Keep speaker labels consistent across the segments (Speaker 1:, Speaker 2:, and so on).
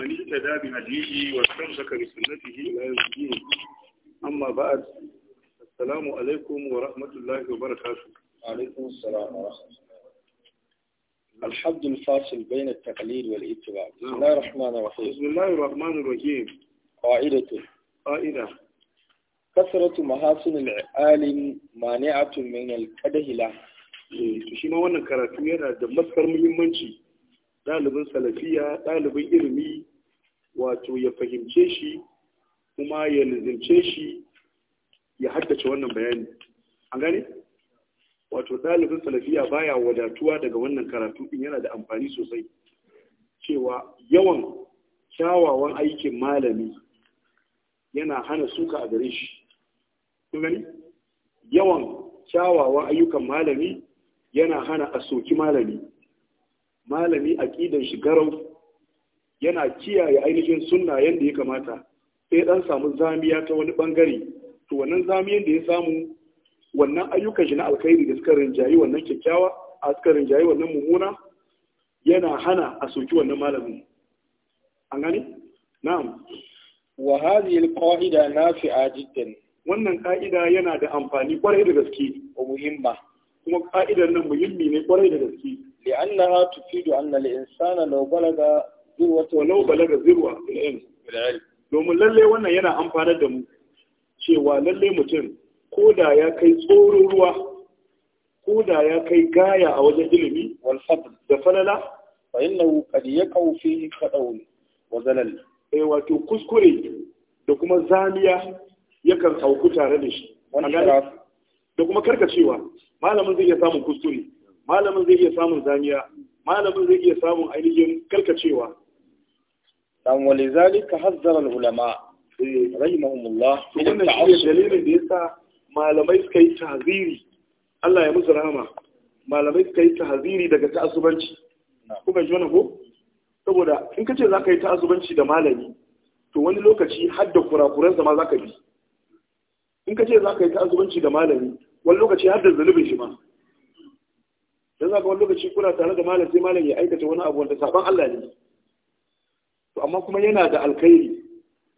Speaker 1: ومن اهتدى بهديه واستمسك بسنته الى يوم الدين اما بعد السلام عليكم ورحمه الله وبركاته وعليكم السلام ورحمه الله الحد الفاصل بين التقليد والاتباع بسم الله الرحمن الرحيم بسم الله الرحمن الرحيم قاعدة قاعدة كثرة محاسن العالم مانعة من الكده له shi ma wannan karatu yana da matsar muhimmanci ɗalibin salafiya ɗalibin ilimi wato ya fahimce shi kuma ya lizince shi ya haddace wannan bayani an gane wato ɗalibin salafiya baya wadatuwa daga wannan karatu in yana da amfani sosai cewa yawan kyawawan aikin malami yana hana suka a gare shi gani yawan kyawawan ayyukan malami yana hana a soki malami malami aqidan shi garau yana kiyaye ainihin sunna yadda ya kamata sai dan samu zamiya ta wani bangare to wannan zamiyan da ya samu wannan ayyukan shi na alkhairi da suka rinjayi wannan kyakkyawa a suka rinjayi wannan mummuna yana hana a soki wannan malamin an gani na'am wa hadhihi alqa'ida nafi'a jiddan wannan ka'ida yana da amfani kwarai da gaske wa muhimma kuma ka'idan nan muhimmi ne kwarai da gaske لأنها تفيد أن الإنسان لو بلغ ذروة ولو بلغ ذروة بالعلم domin lalle wannan yana amfanar da mu cewa lallai mutum ko da ya kai tsoron ruwa ko da ya kai gaya a wajen ilimi da falala fa innahu qad yaqau fihi qadaw wa wato kuskure da kuma zaniya yakan auku tare da shi da kuma karkacewa malamin zai iya samun kuskure malamin zai iya samun zaniya malamin zai iya samun ainihin karkacewa dan wali zalika hazzara ulama eh. rahimahumullah min ta'assub dalilin da yasa malamai suka yi tahziri Allah ya musu rahama malamai suka yi tahziri daga ta'assubanci kuma ji wannan ko saboda in kace zaka yi ta'assubanci da malami to wani lokaci har da kurakuran sa ma zaka bi in kace zaka yi ta'assubanci da malami wani lokaci hadda zalubin shi ma dan zaka wani lokaci kuna tare da malam sai malam ya aikata wani abu wanda saban Allah ne to amma kuma yana da alkhairi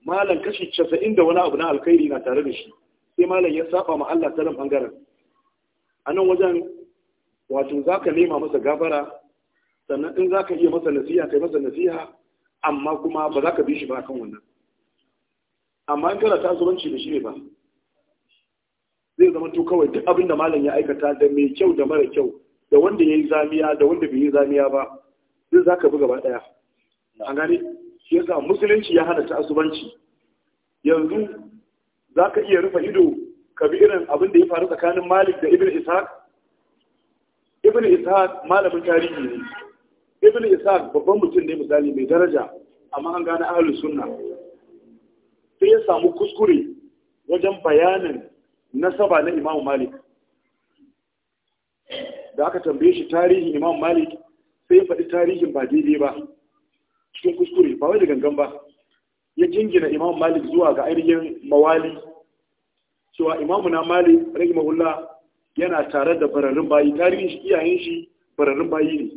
Speaker 1: malam kashi 90 da wani abu na alkhairi na tare da shi sai malam ya saba ma Allah ta nan bangaren a nan wajen wato zaka nema masa gafara sannan in zaka iya masa nasiha kai masa nasiha amma kuma ba za ka bi shi ba kan wannan amma in kana tasuranci da shi ne ba zai zama to kawai duk abin da malam ya aikata da mai kyau da mara kyau da wanda ya yi zamiya da wanda bai yi zamiya ba duk za ka bi gaba ɗaya a gani shi sa musulunci ya hana ta'asubanci yanzu za ka iya rufe ido ka bi irin abin da ya faru tsakanin malik da ibn ishaq ibn ishaq malamin tarihi ne ibn ishaq babban mutum ne misali mai daraja amma an gane ahlus sunna sai ya samu kuskure wajen bayanin nasaba na imamu malik da aka tambaye shi tarihin imam malik sai ya faɗi tarihin ba daidai ba cikin kuskure ba wai da gangan ba ya jingina imam malik zuwa ga ainihin mawali cewa imamu na malik mahulla yana tare da bararrun bayi tarihin shi iyayen shi bararrun bayi ne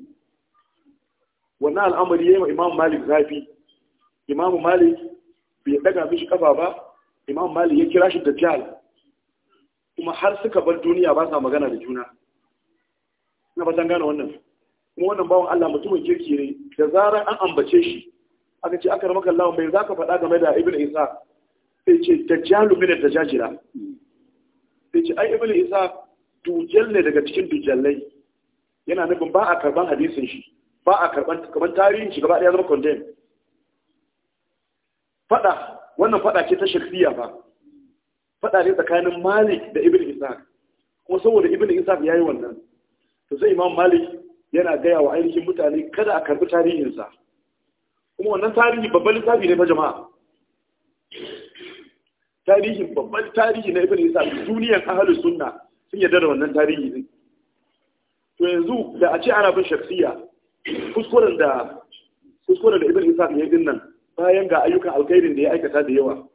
Speaker 1: wannan al'amari ya yi wa imam malik zafi imam malik bai daga mishi kafa ba imam malik ya kira shi dajjal kuma har suka bar duniya ba sa magana da juna na ba gane wannan kuma wannan bawan Allah mutumin kirki ne da zarar an ambace shi aka ce aka ramaka Allah mai zaka faɗa game da Ibn Isa sai ce dajjalu min dajajira sai ce ai Ibn Isa dujal ne daga cikin dujallai yana nufin ba a karban hadisin shi ba a karban kaman tarihin shi gaba ɗaya zama condemn Faɗa wannan faɗa ce ta shakhsiya ba Faɗa ne tsakanin Malik da Ibn Isa kuma saboda Ibn Isa yayi wannan to sai imam malik yana gaya wa ainihin mutane kada a karbi tarihinsa kuma wannan tarihi babban littafi ne fa jama'a tarihin babban tarihi na ibn isa duniyan ahlus sunna sun yarda da wannan tarihi din to yanzu da a ce ana bin shakhsiya kuskuren da kuskuren da ibn isa ya yi dinnan bayan ga ayyukan alkhairin da ya aikata da yawa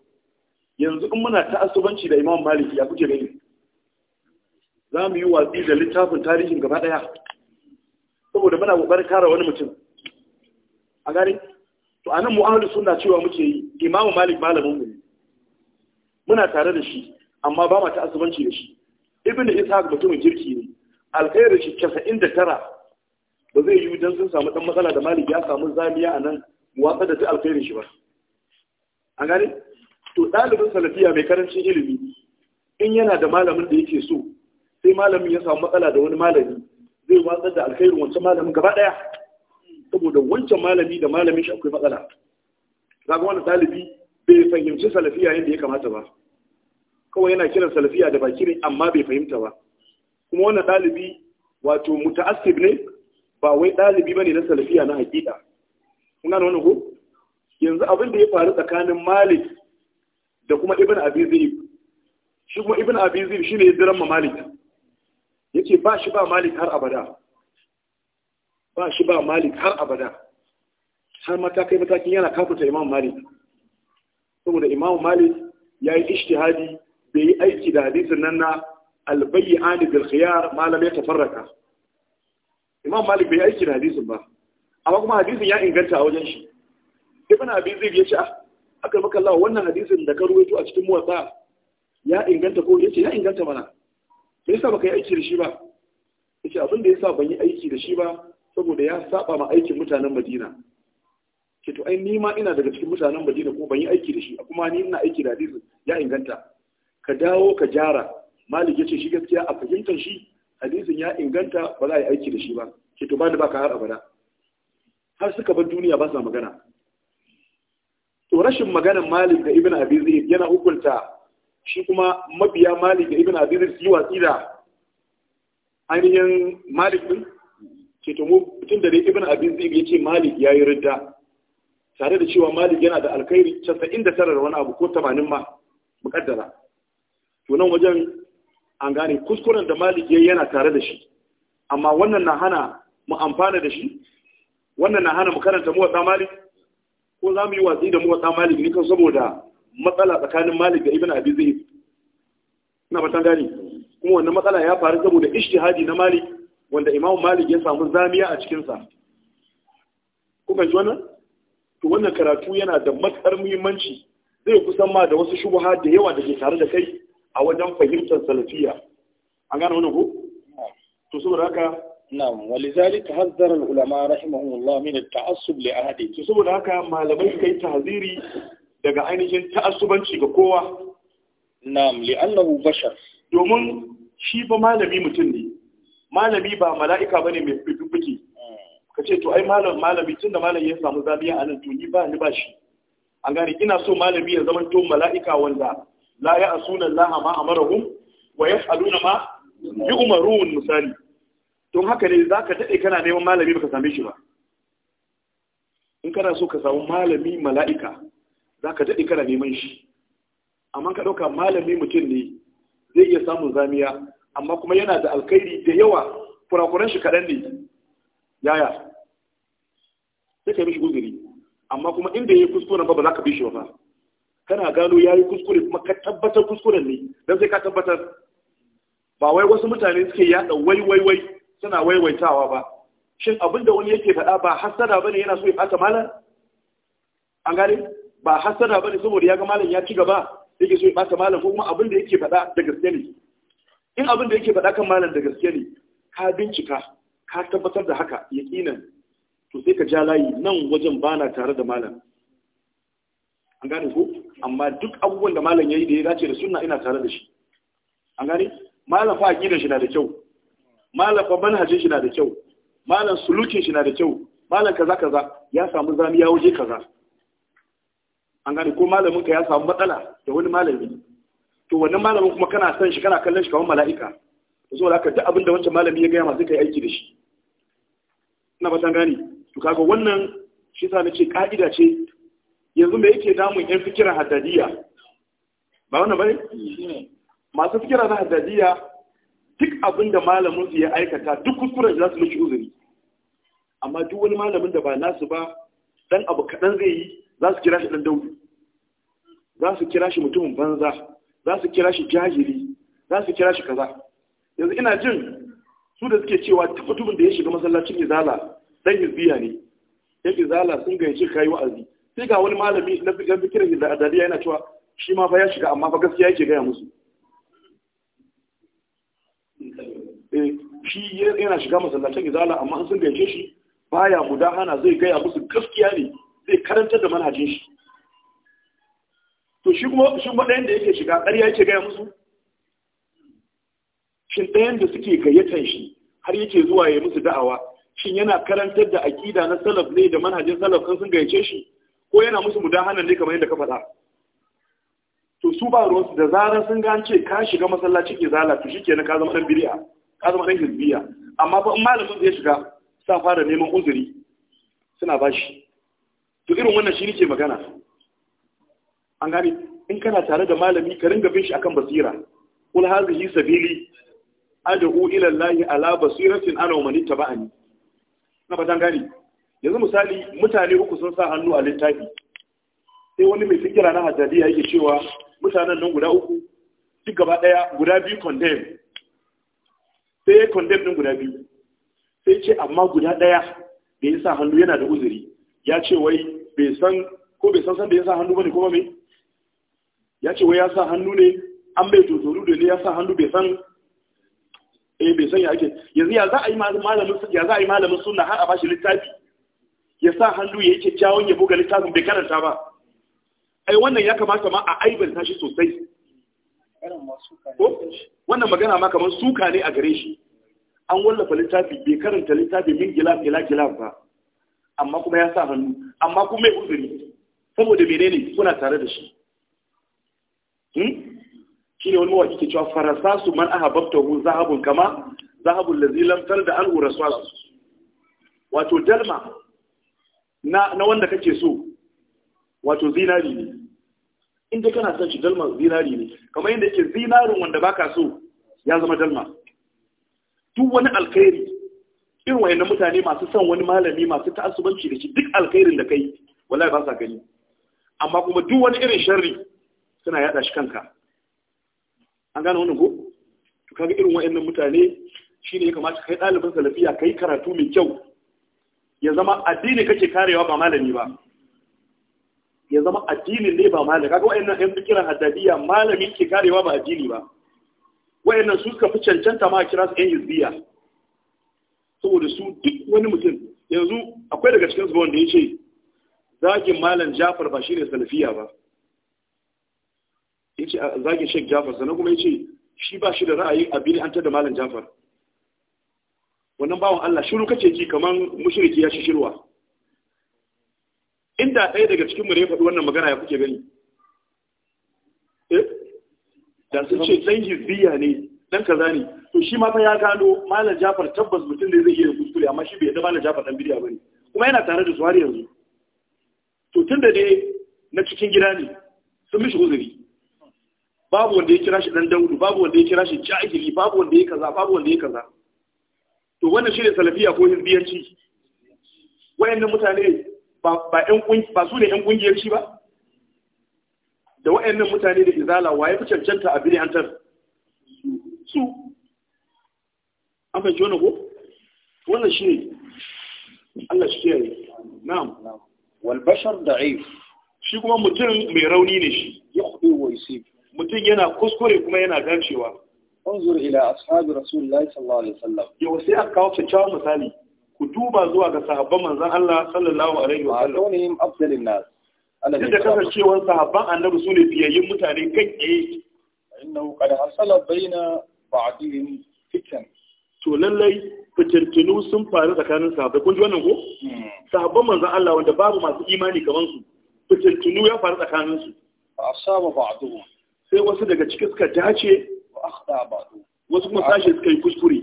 Speaker 1: yanzu in muna ta'assubanci da imam malik ya kuke gani za mu yi watsi da littafin tarihin gaba ɗaya saboda muna ƙoƙarin kare wani mutum a gani to a nan mu'amalu suna cewa muke yi imamu malik malamin mu muna tare da shi amma ba ma ta asubanci da shi ibn ishaq mutumin kirki ne alkhairu shi casa'in da tara ba zai yi dan sun samu dan matsala da malik ya samu zamiya a nan watsa da ta alkhairu shi ba a gani to ɗalibin salafiya mai karancin ilimi in yana da malamin da yake so sai malamin ya samu matsala da wani malami zai watsar da alkhairin wancan malamin gaba daya saboda wancan malami da malamin shi akwai matsala zaga wani talibi bai fahimci salafiya yadda ya kamata ba kawai yana kiran salafiya da baki ne amma bai fahimta ba kuma wannan ɗalibi wato muta'assib ne ba wai ba bane na salafiya na hakika kuna da wani ko yanzu abin da ya faru tsakanin Malik da kuma Ibn Abi Zayd shi kuma Ibn Abi Zayd shine ya ma Malik yace ba shi ba malik har abada ba shi ba malik har abada har matakai matakin yana kafuta imam malik saboda imam malik ya yi ishtihadi bai yi aiki da hadisin nan na albayi ani bil khiyar malam ya tafarraka imam malik bai yi aiki da hadisin ba amma kuma hadisin ya inganta a wajen shi ibn abi zaid ya ce ah, aka maka Allah wannan hadisin da ka ruwaito a cikin muwatta ya inganta ko yace ya inganta mana sai yasa baka yi aiki da shi ba yace abin da yasa ban yi aiki da shi ba saboda ya saba ma aikin mutanen Madina ce to ai ni ma ina daga cikin mutanen Madina ko ban yi aiki da shi kuma ni ina aiki da hadisi ya inganta ka dawo ka jara malik yace shi gaskiya a fahimtar shi hadisin ya inganta ba za a yi aiki da shi ba ce to ba da baka har abada har suka bar duniya ba sa magana to rashin maganar malik da ibn abi Zayd yana hukunta shi kuma mabiya malik da ibn abin su yi watsi da ainihin malik din ce to mutum da dai ibn abin zai ya ce malik ya yi ridda tare da cewa malik yana da alkhairi casa'in da tarar wani abu ko tamanin ma mukaddara to nan wajen an gane kuskuren da malik ya yana tare da shi amma wannan na hana mu amfana da shi wannan na hana mu karanta muwatsa malik ko za mu yi watsi da muwatsa malik ne kan saboda matsala tsakanin malik da ibn abizai na fatan gani kuma wannan matsala ya faru saboda ishtihadi na malik wanda imamu malik ya samu zamiya a cikinsa. kuma ji wannan to wannan karatu yana da matsar muhimmanci zai kusan ma da wasu shubuha da yawa da ke tare da kai a wajen fahimtar salafiya an gane wannan ko to saboda haka na'am walizalik hazzara ulama rahimahumullah min at-ta'assub li ahadi to saboda haka malamai kai tahziri daga ainihin ta'assubanci ga kowa na'am li'annahu bashar domin shi ba malami mutum ne malami ba mala'ika bane mai fifike hmm. ka ce to ai malam malami tunda malami ya samu zabiya a nan to ni ba ni ba shi an gane ina so malami ya zama to mala'ika wanda la ya asuna Allah ma amarahum wa yas'aluna ma yu'marun misali don haka ne zaka dade kana neman malami baka same shi ba in kana so ka samu malami mala'ika za ka daɗe kana neman shi amma ka ɗauka malami mutum ne zai iya samun zamiya amma kuma yana da alkairi da yawa kurakuran shi kaɗan ne yaya sai ka yi mishi guzuri amma kuma inda ya yi kuskuren ba ba za ka bi shi ba kana gano ya yi kuskure kuma ka tabbatar kuskuren ne don sai ka tabbatar ba wai wasu mutane suke yaɗa wai wai wai suna waiwaitawa ba shin abin da wani yake faɗa ba hasada bane yana so ya ɓata malam an gane ba hasada bane saboda ya ga malam ya ci gaba yake so ya bata malam ko kuma abin da yake faɗa da gaske ne in abin da yake faɗa kan malam da gaske ne ka bincika ka tabbatar da haka yaqinan to sai ka ja layi nan wajen bana tare da malam an gane ko amma duk abubuwan da malam yayi da ya dace da sunna ina tare da shi an gane malam fa aqidar shi na da kyau malam fa manhajin shi na da kyau malam sulukin shi na da kyau malam kaza kaza ya samu zamiya waje kaza an gane ko malamin ka ya samu matsala da wani malami to wannan malamin kuma kana san shi kana kallon shi kamar mala'ika to zo haka duk abin da wancan malami ya gaya masu sai kai aiki da shi ina ba san gane to kaga wannan shi sa nace ka'ida ce yanzu me yake damun yan fikiran haddadiya ba wannan bane masu fikira na haddadiya duk abin da malamin su ya aikata duk kuskuren za su miki uzuri amma duk wani malamin da ba nasu ba dan abu kadan zai yi za su kira shi ɗan daudu za su kira shi mutumin banza za su kira shi jahili za su kira shi kaza yanzu ina jin su da suke cewa mutumin da ya shiga masallacin izala ɗan hizbiya ne yan izala sun gayyace kayi wa'azi sai ga wani malami na fikirin da adaliya yana cewa shi ma fa ya shiga amma fa gaskiya yake gaya musu eh, shi yana shiga masallacin izala amma sun gayyace shi baya mudahana zai gaya musu gaskiya ne zai karantar da manhajin shi to shi kuma shi kuma ɗayan da yake shiga ƙarya yake gaya musu shin ɗayan da suke gayyatan shi har yake zuwa ya musu da'awa shin yana karantar da aƙida na salaf ne da manhajin salaf kan sun gayyace shi ko yana musu mudahanan ne kamar yadda ka faɗa to su ba ruwansu da zarar sun ga an ce ka shiga ke zala to shikenan ka zama ɗan biriya, ka zama ɗan hizbiya amma fa in malamin zai shiga sa fara neman uzuri suna bashi to irin wannan shi nike magana an gane in kana tare da malami ka ringa bin shi akan basira kul hazihi sabili ad'u ila allahi ala basiratin ana wa man tabani na fatan gane yanzu misali mutane uku sun sa hannu a littafi sai wani mai fikira na ya yake cewa mutanen nan guda uku duk gaba daya guda biyu condemn sai ya condemn din guda biyu sai ce amma guda daya da ya sa hannu yana da uzuri ya ce wai bai san ko bai san san da ya sa hannu bane kuma me ya ce wai ya sa hannu ne an bai tutoru da ne ya sa hannu bai san eh bai san ya ake yanzu ya za a yi malamin ya za a yi malamin sunna har a bashi littafi ya sa hannu ya yi kyakkyawan ya buga littafin bai karanta ba ai wannan ya kamata ma a aibanta shi sosai wannan magana ma kamar suka ne a gare shi an wallafa littafi bai karanta littafi min gilaf gila gilaf ba amma kuma ya sa hannu amma kuma ya uzuri saboda menene kuna tare da shi hmm? shi ne wani waki ke cewa farasa su man aha babta hu zahabun kama zahabun lazi lamtar da an hura su wato dalma na, na wanda kake so wato zinari ne inda kana son shi dalma zinari ne kamar yadda yake zinarin wanda baka so ya zama dalma duk wani alkhairi irin wayannan mutane masu son wani malami masu ta'assubanci da shi duk alkhairin da kai wallahi ba sa gani amma kuma duk wani irin sharri suna yada shi kanka an gane wannan ko to kaga irin wayannan mutane shine ya kamata kai ɗalibin salafiya kai karatu mai kyau ya zama addini kake karewa ba malami ba ya zama addini ne ba malami kaga wayannan ɗan fikiran haddadiya malami ke karewa ba addini ba wayannan su suka fi cancanta ma kira su ɗan yuzbiya saboda su duk wani mutum yanzu akwai daga cikin su wanda ya ce zagin malam jafar ba shi ne salafiya ba ya ce zagin shek jafar sannan kuma ya ce shi ba shi da ra'ayin abin an da malam jafar wannan bawan Allah shiru kace ki kamar mushriki ya shi shirwa inda ɗaya daga cikin mu ne ya faɗi wannan magana ya kuke gani eh da sun ce dan hizbiya ne dan kaza ne to shi ma fa ya gano malam Jafar tabbas mutum ne zai iya kuskure amma shi bai yadda malam Jafar dan bidiya bane kuma yana tare da su har yanzu to tunda dai na cikin gida ne sun mishi uzuri babu wanda ya kira shi dan Daudu babu wanda ya kira shi jahili babu wanda ya kaza babu wanda ya kaza to wannan shi ne salafiya ko hizbiyanci wayannan mutane ba ba ba su ne yan kungiyar shi ba da wayannan mutane da izala waye fi cancanta a bidiyantar su an fahimci wannan ko wannan shi ne Allah shi kiyaye na'am walbashar da aif shi kuma mutum mai rauni ne shi ya kuɗe wa isi mutum yana kuskure kuma yana gancewa انظر الى اصحاب رسول sallallahu صلى الله عليه وسلم yau sai aka kawo kyakkyawan misali ku duba zuwa ga sahabban manzon Allah sallallahu alaihi wa sallam alaihim afdalin nas duk da kasancewar sahabban annabi su ne mutane kan tsaye innahu qad hasala baina ba'dihim fitan to lallai fitirtinu sun faru tsakanin sahabbai kun ji wannan ko
Speaker 2: hmm.
Speaker 1: sahabban manzon Allah wanda babu masu imani kaman su fitirtinu ya faru tsakanin su asaba ba'dhum sai wasu daga cikin suka dace wa akhda ba'dhum wasu kuma sashi suka yi kuskure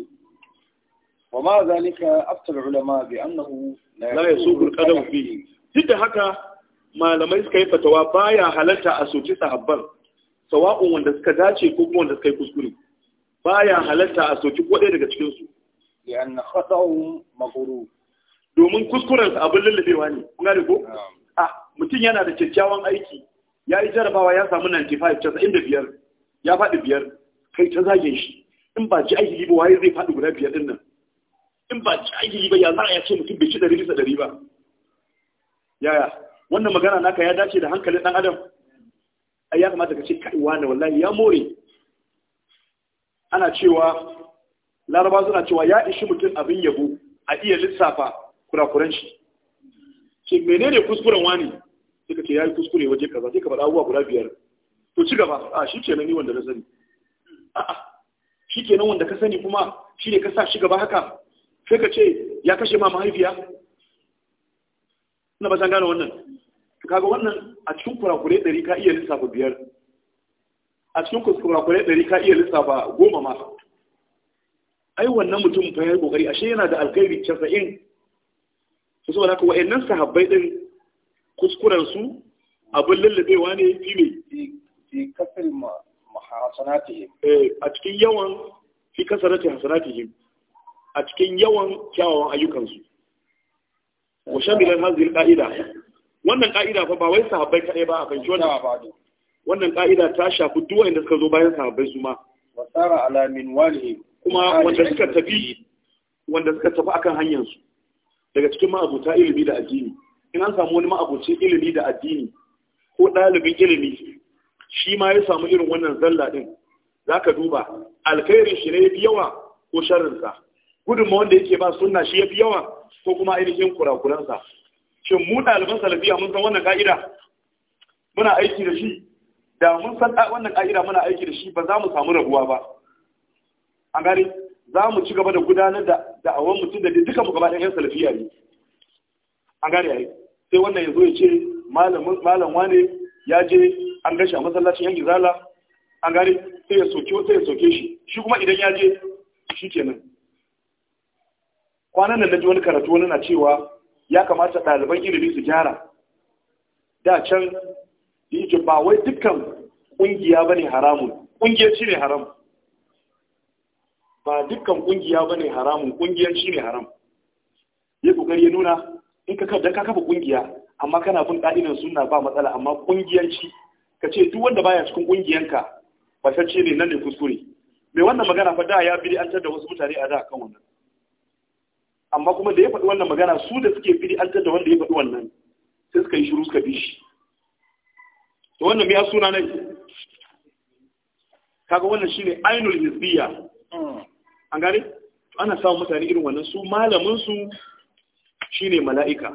Speaker 1: wa ma zalika aftal ulama bi annahu la yasuqu al-qadam fihi duk da haka malamai suka yi fatawa baya halarta a soci sahabban sawa'un wanda suka dace ko kuma wanda suka yi kuskure baya halatta a soki ko daga cikin su anna khata'u maghru domin kuskuren su abin lallabewa ne kun gane ko a mutum yana da kyakkyawan aiki ya yi jarabawa ya samu 95 95 ya faɗi biyar kai ta zage shi in ba ji aiki ba waye zai faɗi guda biyar din nan in ba ji aiki ba ya za a ya ce mutum bai ci ɗari bisa ɗari ba yaya wannan magana naka ya dace da hankalin ɗan adam ai ya kamata ka ce kai wani wallahi ya more ana cewa laraba suna cewa ya ishi mutum abin yabo a iya lissafa kurakuran shi ce menene kuskuren wani suka ce ya yi kuskure waje kaza sai ka faɗa abubuwa guda biyar to ci gaba a shi kenan ni wanda na sani a'a shi kenan wanda ka sani kuma shi ne ka sa shi gaba haka sai ka ce ya kashe ma mahaifiya ina ba san gane wannan kaga wannan a cikin kurakure ɗari ka iya lissafa biyar a cikin kuskurakurai ɗari ka iya lissafa goma ma ai wannan mutum fa ya kokari ashe yana da alkhairi 90 su saboda haka wayennan sahabbai ɗin kuskuran su abin lallabewa ne fi mai fi kasar mahasanatihim eh, a cikin yawan fi kasarati hasanatihi a cikin yawan kyawawan ayyukansu wa shamilan hazil qa'ida wannan qa'ida fa ba wai sahabbai kadai ba a kan shi wannan wannan ka'ida ta shafi duk wanda suka zo bayan sahabbai su ma wa sara ala min walihi kuma wanda suka tafi wanda suka tafi akan hanyar su daga cikin ma'abuta ilimi da addini in an samu wani ma'abuci ilimi da addini ko dalibin ilimi shi ma ya samu irin wannan zalla din zaka duba alkhairin shi ne yafi yawa ko sharrin sa gudunma wanda yake ba sunna shi yafi yawa ko kuma ainihin kurakuransa shin mu ɗaliban salafiya mun san wannan ka'ida muna aiki da shi da mun san wannan ƙa'ida muna aiki da shi ba za mu samu rabuwa ba an gari za mu ci gaba da gudanar da da'awar mutum da duka mu gaba ɗan yan salafiya ne an gane yayi sai wannan ya ya ce malam wane ya je an gashi masallacin yan gizala an gari sai ya soke sai ya soke shi shi kuma idan ya je shi kenan kwanan nan na ji wani karatu wani na cewa ya kamata ɗaliban ilimi su gyara da can yake ba wai dukkan kungiya bane haramun kungiyanci ne haram ba dukkan kungiya bane haramun kungiyanci ne haram yi kokari ya nuna in ka kada ka kafa kungiya amma kana bin ka'idar sunna ba matsala amma kungiyanci ka ce duk wanda baya cikin kungiyanka ba ce ne nan ne kuskure mai wannan magana fa da ya bi an da wasu mutane a da kan wannan amma kuma da ya faɗi wannan magana su da suke biri an da wanda ya faɗi wannan sai suka yi shiru suka bi shi to wannan mai suna ne kaga wannan shine ainul hizbiya an gane ana samun mutane irin wannan su malamin su shine mala'ika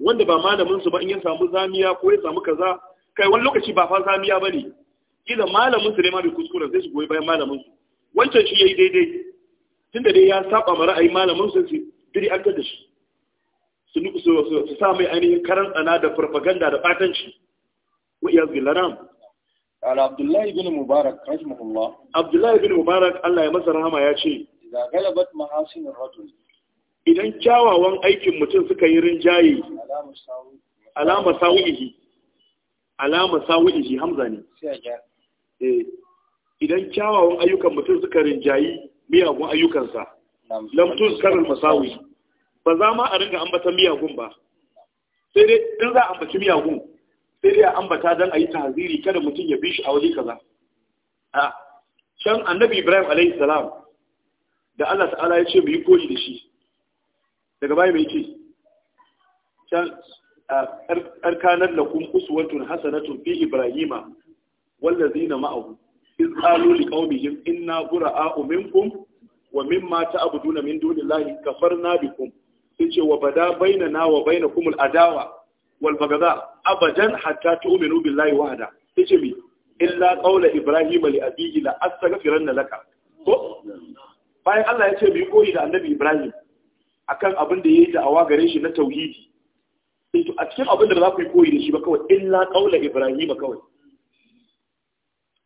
Speaker 1: wanda ba malamin su ba in ya samu zamiya ko ya samu kaza kai wani lokaci ba fa zamiya bane kila malamin su ne ma bai kuskure zai goyi bayan malamin su wancan shi yayi daidai tunda dai ya saba ma ra'ayi malamin su su diri an da shi su nuku su sa mai ainihin karan tsana da farfaganda da batanci وإياذ بالله نعم قال عبد الله بن مبارك رحمه الله عبد الله idan kyawawan aikin mutum suka yi rinjaye alama sawi'ihi alama sawi'ihi hamza ne eh, idan kyawawan ayyukan mutum suka rinjaye, miyagun ayyukansa lamtun karin masawi ba za ma a ringa ambatan miyagun ba sai dai in za a ambaci miyagun sai dai ambata dan yi tahziri kada mutum ya bi shi a waje kaza a can annabi Ibrahim alayhi salam da Allah ta'ala ya ce mu yi koyi da shi daga baya mai ce can arkanar lakum uswatun hasanatun fi ibrahima wallazina ma'ahu iz qalu liqaumihim inna a minkum wa mimma ta'buduna min dunillahi kafarna bikum sai ce wa bada bainana wa kumul. adawa wal bagaza abadan hatta tu'minu billahi wahda yace mi illa qawla ibrahima li abihi la astaghfiranna laka ko bayan Allah ya ce mu koyi da annabi ibrahim akan abin da yayi da'awa gare shi na tauhidi sai to a cikin abin da za ku yi koyi da shi ba kawai illa qawla ibrahima kawai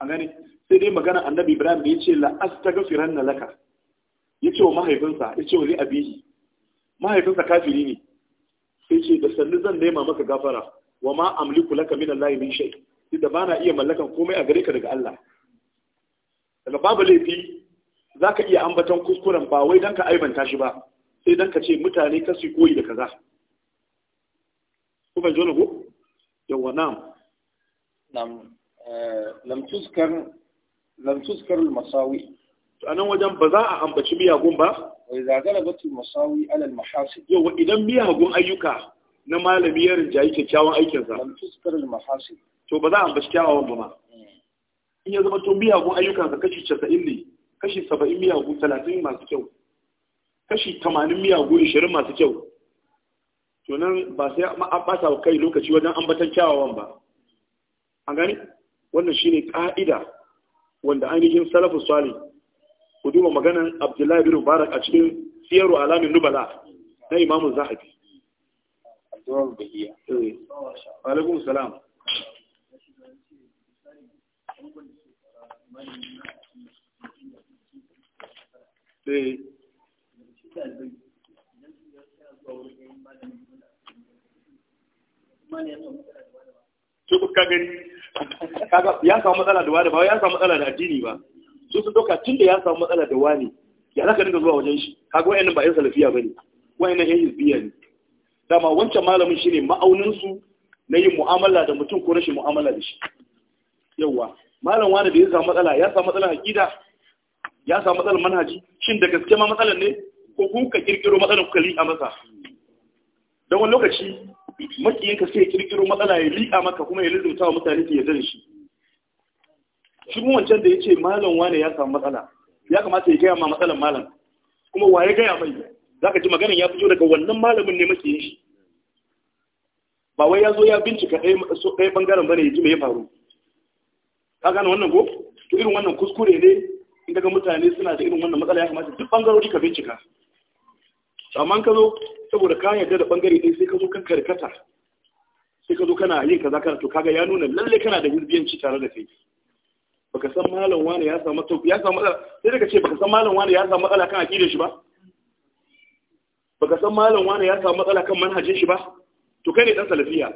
Speaker 1: an gane sai dai magana annabi ibrahim da yace la astaghfiranna laka yace wa mahaifinsa yace wa li abihi mahaifinsa kafiri ne sai ce da sannu zan nema maka gafara wa ma amliku laka min Allah min shay duk da bana iya mallakan komai a gare ka daga Allah daga babu laifi zaka iya ambaton kuskuren ba wai dan ka aibanta shi ba sai dan ka ce mutane ka su koyi da kaza ko ban jona ko yawa nam nam eh, lam tuskar lam tuskar al masawi to anan wajen ba za a ambaci miyagun ba wai zagara batul musawi alal mahasin yo idan gun ayyuka na malami ya rinja yake rinjayi kyakkyawan aikinsa lam al mahasin to ba za a bashi kyawun ba ma in ya zama to gun ayyuka ka kashi 90 ne kashi 70 gun 30 masu kyau kashi 80 gun 20 masu kyau to nan ba sai an bata wa kai lokaci wajen ambatan kyawawan ba an gani wannan shine ka'ida wanda ainihin salafus salih ku duba maganan abdullahi bin mubarak a cikin siyaru alamin nubala na imamu zahabi eh. salam Tukuka eh. gani, ya samu matsala da wada ba, ya samu matsala da addini ba. su sun dauka tun da ya samu matsala da wani ya zaka dinga zuwa wajen shi kaga wayannan ba yan salafiya bane wayannan yan hizbiya ne dama wancan malamin shine ma'aunin su na yin mu'amala da mutum ko rashin mu'amala da shi yawa malam wani da ya samu matsala ya samu matsalar aqida ya samu matsalar manhaji shin da gaske ma matsalar ne ko kuka kirkiro matsalar kuka liƙa masa don wani lokaci makiyinka sai ya kirkiro matsala ya liƙa maka kuma ya lizumta wa mutane ke yarda da shi cikin wancan da ya ce malam wane ya samu matsala ya kamata ya gaya ma matsalan malam kuma waye gaya mai za ka ji maganin ya fito daga wannan malamin ne mace yin shi ba wai ya zo ya bincika ɗaya ɓangaren bane ya ji mai ya faru ka gane wannan ko to irin wannan kuskure ne in daga mutane suna da irin wannan matsala ya kamata duk ɓangarori ka bincika amma ka zo saboda ka yarda da ɓangare ɗaya sai ka zo kan karkata sai ka zo kana yin kaza kana to kaga ya nuna lalle kana da hizbiyanci tare da kai baka san malam wani ya samu ya samu matsala sai daga ce baka san malam wani ya samu matsala kan aqidar shi ba baka san malam wani ya samu matsala kan manhajin shi ba to kai ne dan salafiya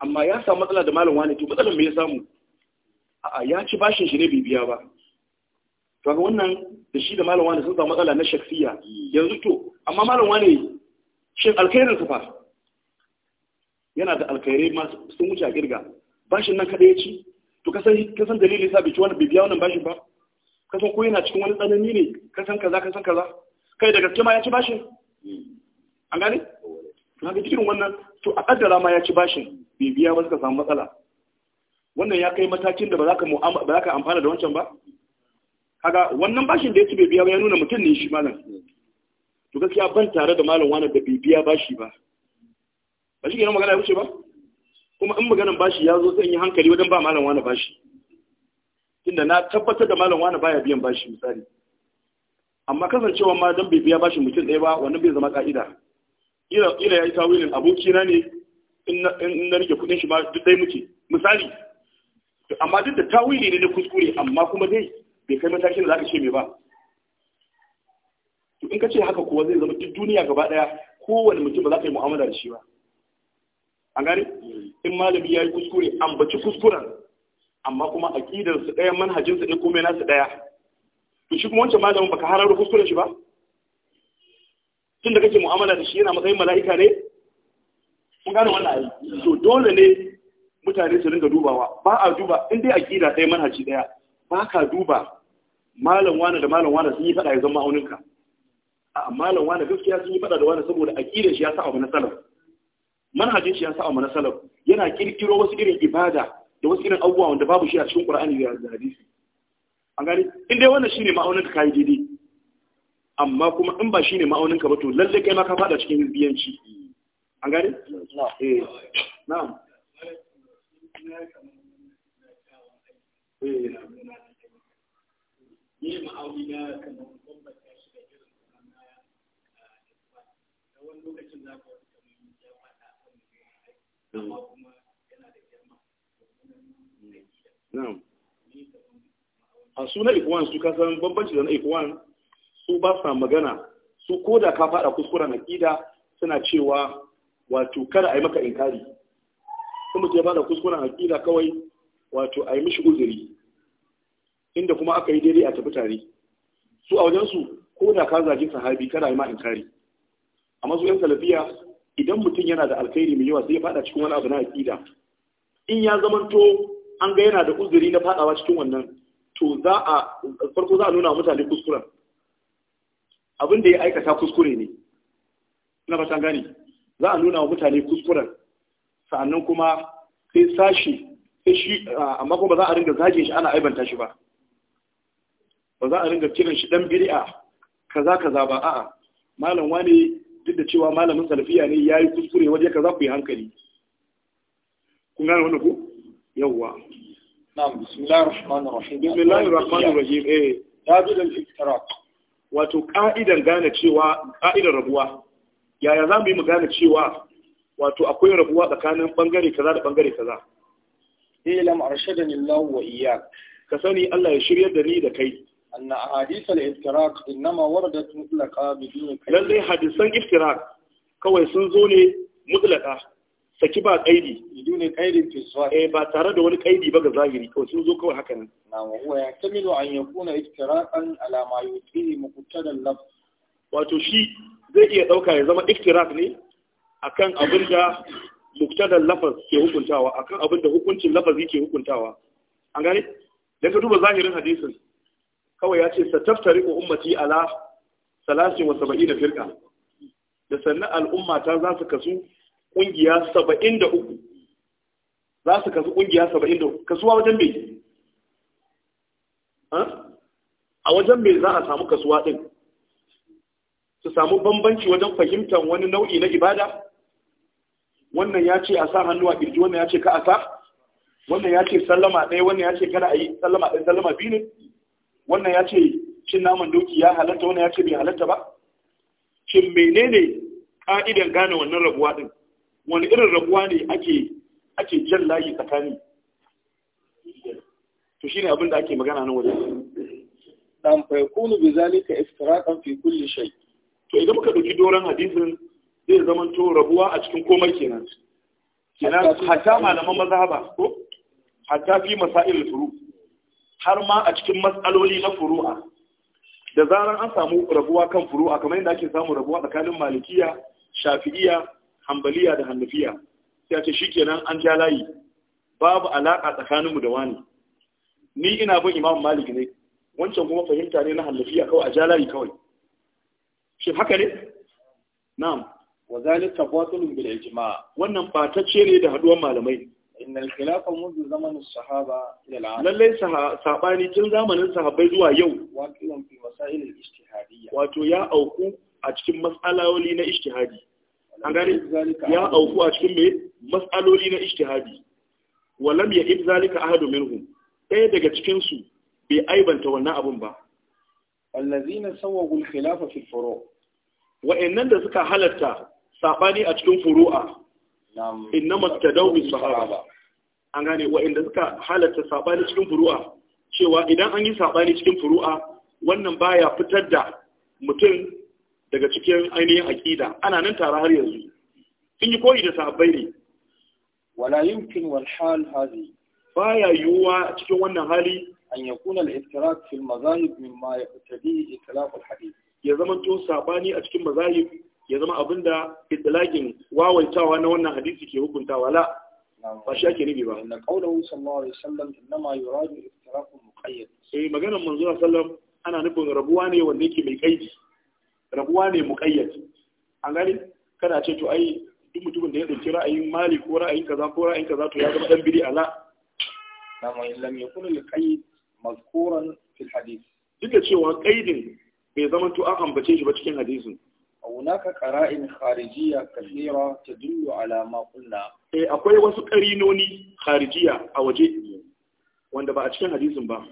Speaker 1: amma ya samu matsala da malam wani to matsalar me ya samu a'a ya ci bashin shi ne bibiya ba to ga wannan da shi da malam wani sun samu matsala na shakhsiya yanzu to amma malam wani shin alkhairin sa fa yana da alkhairai masu sun wuce a girga bashin nan kada ya ci to kasan kasan dalili sa bi ci wannan bibiya wannan bashin ba kasan ko yana cikin wani tsanani ne kasan kaza kasan kaza kai da gaske ma ya ci bashin hmm. an gane na ga cikin wannan to a kaddara ma ya ci bashin bibiya ba suka samu matsala wannan ya kai matakin da ba za ka ba za ka amfana da wancan ba kaga wannan bashin da ya ci bibiya ba ya nuna mutum ne shi malam to gaskiya ban tare da malam wani da bibiya bashi ba ba shi ke magana ya wuce ba kuma in maganan bashi ya zo sai in yi hankali wajen ba malam wani bashi Inda na tabbatar da malam wani baya biyan bashi misali amma kasancewa ma dan bai biya bashi mutum ɗaya ba wannan bai zama ka'ida ila ila yayi tawilin abokina ne in na rike kudin shi ba duk dai muke misali amma duk da tawili ne na kuskure amma kuma dai bai kai matakin da zaka ce me ba to in ka ce haka kuwa zai zama duk duniya gaba ɗaya kowane mutum ba za ka yi mu'amala da shi ba an gane in malami ya yi kuskure ambaci kuskuren amma kuma su ɗaya manhajinsu ɗaya komai nasu ɗaya to shi kuma wancan malamin baka hararo kuskuren shi ba tun da kake mu'amala da shi yana matsayin mala'ika ne kun gane wannan ayi to dole ne mutane su ringa dubawa ba a duba in dai aƙida ɗaya manhaji ɗaya ba ka duba malam wani da malam wani sun yi faɗa ya zama auninka a malam wani gaskiya sun yi faɗa da wani saboda aƙidar shi ya sa abu na salaf manhajin shi ya sa amma salaf yana kirkiro wasu irin ibada da wasu irin abubuwa wanda babu shi a cikin Qur'ani da hadisi an gani in dai wannan shine ma'aunin ka kai daidai amma kuma in ba shine ma'aunin ka ba to lalle kai ma ka fada cikin biyanci an gani eh na'am eh
Speaker 2: ni ma'auni na kamar bambanta shi da irin wannan eh, lokacin za ka
Speaker 1: a su na ikuwan su kasan bambanci da na ikuwan su ba sa magana su ko da ka faɗa kuskuren aƙida suna cewa wato kada a yi maka inkari kuma ke faɗa kuskuren aƙida kawai wato a yi mishi uzuri inda kuma aka yi daidai a tafi tare su a wajensu ko da ka zagi sahabi kada a yi ma inkari amma su 'yan salafiya idan mutum yana da alkhairi mai yawa sai ya fada cikin wani abu na aqida in ya zamanto an ga yana da uzuri na fadawa cikin wannan to za a farko za a nuna mutane kuskuren abin da ya aikata kuskure ne ina ba san gani za a nuna mutane kuskuren sa'annan kuma sai sashi sai shi amma kuma ba za a ringa zage shi ana aibanta shi ba ba za a ringa kiran shi dan bid'a kaza kaza ba a'a malam wani duk da cewa malamin salafiya ne ya yi kuskure waje ka za ku yi hankali kun gane wannan ku yawwa na'am bismillahir rahmanir rahim bismillahir rahmanir rahim eh tabidul iftiraq wato ka'idan gane cewa ka'idan rabuwa yaya za mu yi mu gane cewa wato akwai rabuwa tsakanin bangare kaza da bangare kaza ilam eh, arshadani Allah wa iyyak ka sani Allah ya shiryar da ni da kai أن أحاديث الافتراق إنما وردت مطلقة بدون كيد لذي حديثا افتراق كوي سنزوني مطلقة saki ba kaidi bidune kaidin fi eh ba tare da wani kaidi ba ga zahiri kawai sun zo kawai haka nan na wa ya tamilu an yakuna iftiraqan ala ma yutihi muqtadan laf wato shi zai iya dauka ya zama iftiraq ne akan abin da muqtadan lafaz ke hukuntawa akan abin da hukuncin lafazi ke hukuntawa an gane dan duba zahirin hadisin kawai ya ce sataftari ko ummati ala salasin wa saba'i da firka da sannan al'umma ta za su kasu kungiya saba'in da uku za su kasu kungiya saba'in da uku kasuwa wajen mai a wajen mai za a samu kasuwa ɗin su samu bambanci wajen fahimtar wani nau'i na ibada wannan ya ce a sa hannu a ƙirji wannan ya ce ka a sa wannan ya ce sallama ɗaya wannan ya ce kada a yi sallama ɗaya sallama biyu ne wannan ya ce cin naman doki ya halatta wannan ya ce bai halatta ba shin menene ka'idan gane wannan rabuwa din wani irin rabuwa ne ake ake jan layi tsakani to shine abin da ake magana nan wajen dan fa yakunu bi zalika iftiraqan fi kulli shay to idan muka dauki doran hadisin zai zama to rabuwa a cikin komai kenan kenan hatta malaman mazhaba ko hatta fi masail furu har ma a cikin matsaloli na furu'a da zarar an samu rabuwa kan furu'a kamar yadda ake samu rabuwa tsakanin malikiya shafi'iya hambaliya da hannafiya sai a ce shikenan an ja layi babu alaƙa tsakaninmu da wani ni ina bin imam malik ne wancan kuma fahimta ne na hannafiya kawai a ja layi kawai shi haka ne na'am wa zalika batilun bil ijma' wannan batacce ne da haduwar malamai innal khilafa منذ zaman as-sahaba ila al-'alam lalle sabani tun zamanin zuwa yau waqi'un fi masail al-ijtihadiyya wato ya auku a cikin mas'aloli na ijtihadi an ya auku a cikin me mas'aloli na ijtihadi wa lam ya'ib zalika ahadu minhum ɗaya daga cikin su bai aibanta wannan abun ba allazina sawwagu al-khilafa fi furu' da suka halarta sabani a cikin furu'a innama tadau bi sahaba an gane inda suka halatta sabani cikin furu'a cewa idan an yi sabani cikin furu'a wannan baya fitar da mutum daga cikin ainihin aqida ana nan tare har yanzu in yi koyi da sabai ne wala yumkin wal hal hadi baya yuwa cikin wannan hali an yakuna al-iftirat fil mazahib mimma yaqtadi itlaq al-hadith ya zamanto sabani a cikin mazahib ya zama abin da itlaqin wawaitawa na wannan hadisi ke hukuntawa la ba shi ake nufi ba inna qawluhu sallallahu alaihi wasallam innama yuradu iftiraqu muqayyad eh maganar manzo sallallahu alaihi ana nufin rabuwa ne wanda yake mai kaidi rabuwa ne muqayyad an gani kada ce to ai duk mutumin da ya dauki ra'ayin mali ko ra'ayin kaza ko ra'ayin kaza to ya zama dan bid'a la kama in lam yakun al-qayd mazkuran fil hadith duk da cewa qaidin bai zama to an ambace shi ba cikin hadisin هناك قرائن خارجية كثيرة تدل على ما قلنا eh akwai wasu karinoni kharijiya a waje wanda ba a cikin hadisin ba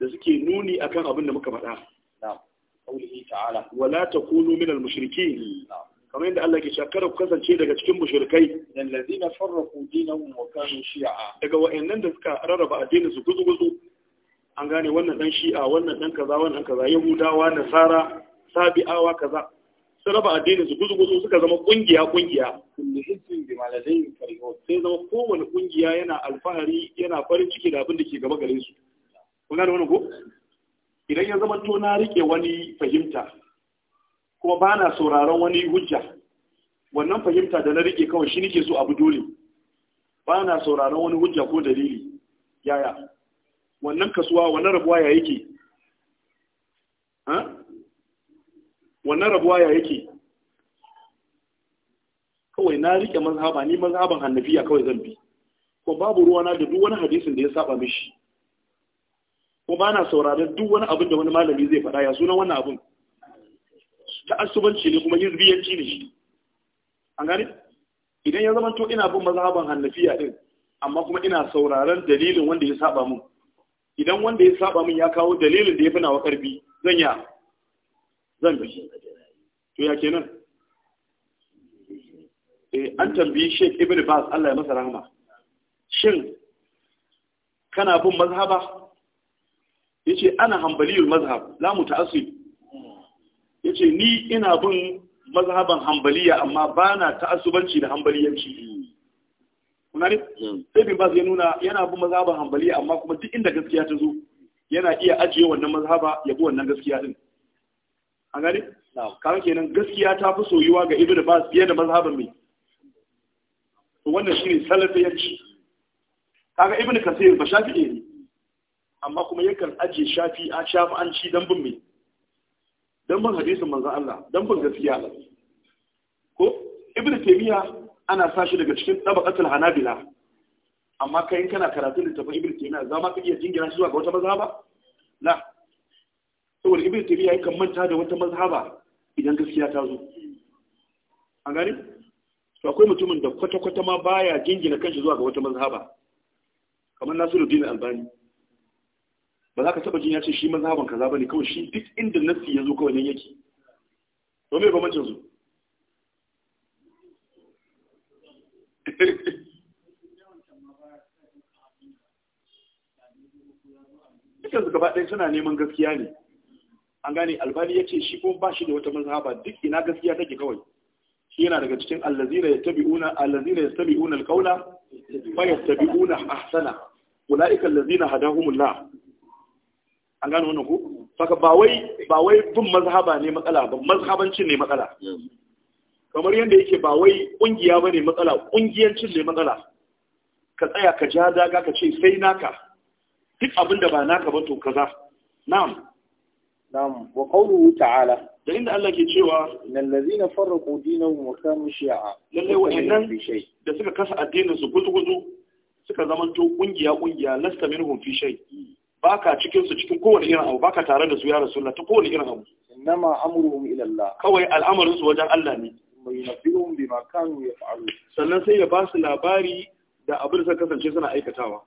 Speaker 1: da suke nuni akan abin da muka faɗa na'am qawlihi ta'ala wala takunu minal mushrikeen na'am kamar yadda Allah ke cewa ku kasance daga cikin mushrikai dan ladina farraqu dinahum wa kanu shi'a daga wayannan da suka rarraba addinin su guzu-guzu an gane wannan dan shi'a wannan dan kaza wannan kaza yahudawa nasara sabi'awa kaza sun raba addinin su guzu guzu suka zama kungiya kungiya sai zama kowane kungiya yana alfahari yana farin ciki da abin da ke gaba gare su kun gane wani ko idan ya zama to na rike wani fahimta kuma ba na sauraron wani hujja wannan fahimta da na rike kawai shi nake so abu dole ba na sauraron wani hujja ko dalili yaya wannan kasuwa wannan rabuwa ya yake ha wannan rabuwa ya yake kawai na rike mazhaba ni mazhaban hannafiya kawai zan bi ko babu ruwana da duk wani hadisin da ya saba mishi ko ba na sauraron duk wani abin da wani malami zai faɗa ya sunan wannan abin ta'assubanci ne kuma hizbiyanci ne shi an gani idan ya zama to ina bin mazhaban hannafiya din amma kuma ina sauraron dalilin wanda ya saba mun idan wanda ya saba mun ya kawo dalilin da ya fi nawa ƙarfi, zan ya zan ga shi to ya kenan eh an tambayi Sheikh Ibn Baz Allah ya masa rahama shin kana bin mazhaba yace ana hanbaliyul mazhab la muta'assib yace ni ina bin mazhaban hanbaliya amma bana ta'assubanci da hanbaliyanci kuna ne sai hmm. bin baz ya nuna yana bin mazhaban hanbaliya amma kuma duk inda gaskiya ta zo yana iya ajiye wannan mazhaba ya bi wannan gaskiya din a gani kawai kenan gaskiya ta fi soyuwa ga ibn bas fiye da mazhabin mai wannan shi shine salafiyanci kaga ibn kasir ba shafi ne amma kuma yakan ajiye shafi a an ci bin mai Dambun bin hadisin manzo Allah dan gaskiya ko ibn taymiya ana sashi daga cikin tabaqatul hanabila amma kai in kana karatun littafin ibn taymiya za ma ka iya jingira shi zuwa ga wata mazhaba la saboda ibn tafiya yakan manta da wata mazhaba idan gaskiya ta zo a gani to akwai mutumin da kwata-kwata ma baya jingina kanshi zuwa ga wata mazhaba kamar nasiruddin albani ba za ka taba jin ya ce shi mazhaban kaza bane kawai shi duk inda nassi ya zo kawai nan yake to me ba su dukkan su gaba ɗaya suna neman gaskiya ne an gane albani ya ce shi ko ba shi da wata mazhaba duk ina gaskiya take kawai shi yana daga cikin allazina yattabi'una allazina yastabi'una alqawla wa yattabi'una ahsana ulaika allazina hadahumullah an gane wannan ko saka ba wai ba wai bin mazhaba ne matsala ba mazhabancin ne matsala kamar yadda yake ba wai kungiya bane matsala kungiyancin ne matsala ka tsaya ka ja daga ka ce sai naka duk abinda ba naka ba to kaza na'am Na'am, wa qawluhu ta'ala. Da inda Allah ke cewa innal ladzina farraqu dinahum wa kanu shi'a. Lalle wa'annan da suka kasa addinin su gudu-gudu suka zamanto kungiya kungiya lasta minhum fi shay. Baka cikin cikin kowane irin abu, baka tare da su ya Rasulullah ta kowane irin abu. Innama amruhum ila Kawai al'amarin su wajen Allah ne. Bayyunabihum bima kanu yaf'alu. Sannan sai ya basu labari da abin da kasance suna aikatawa.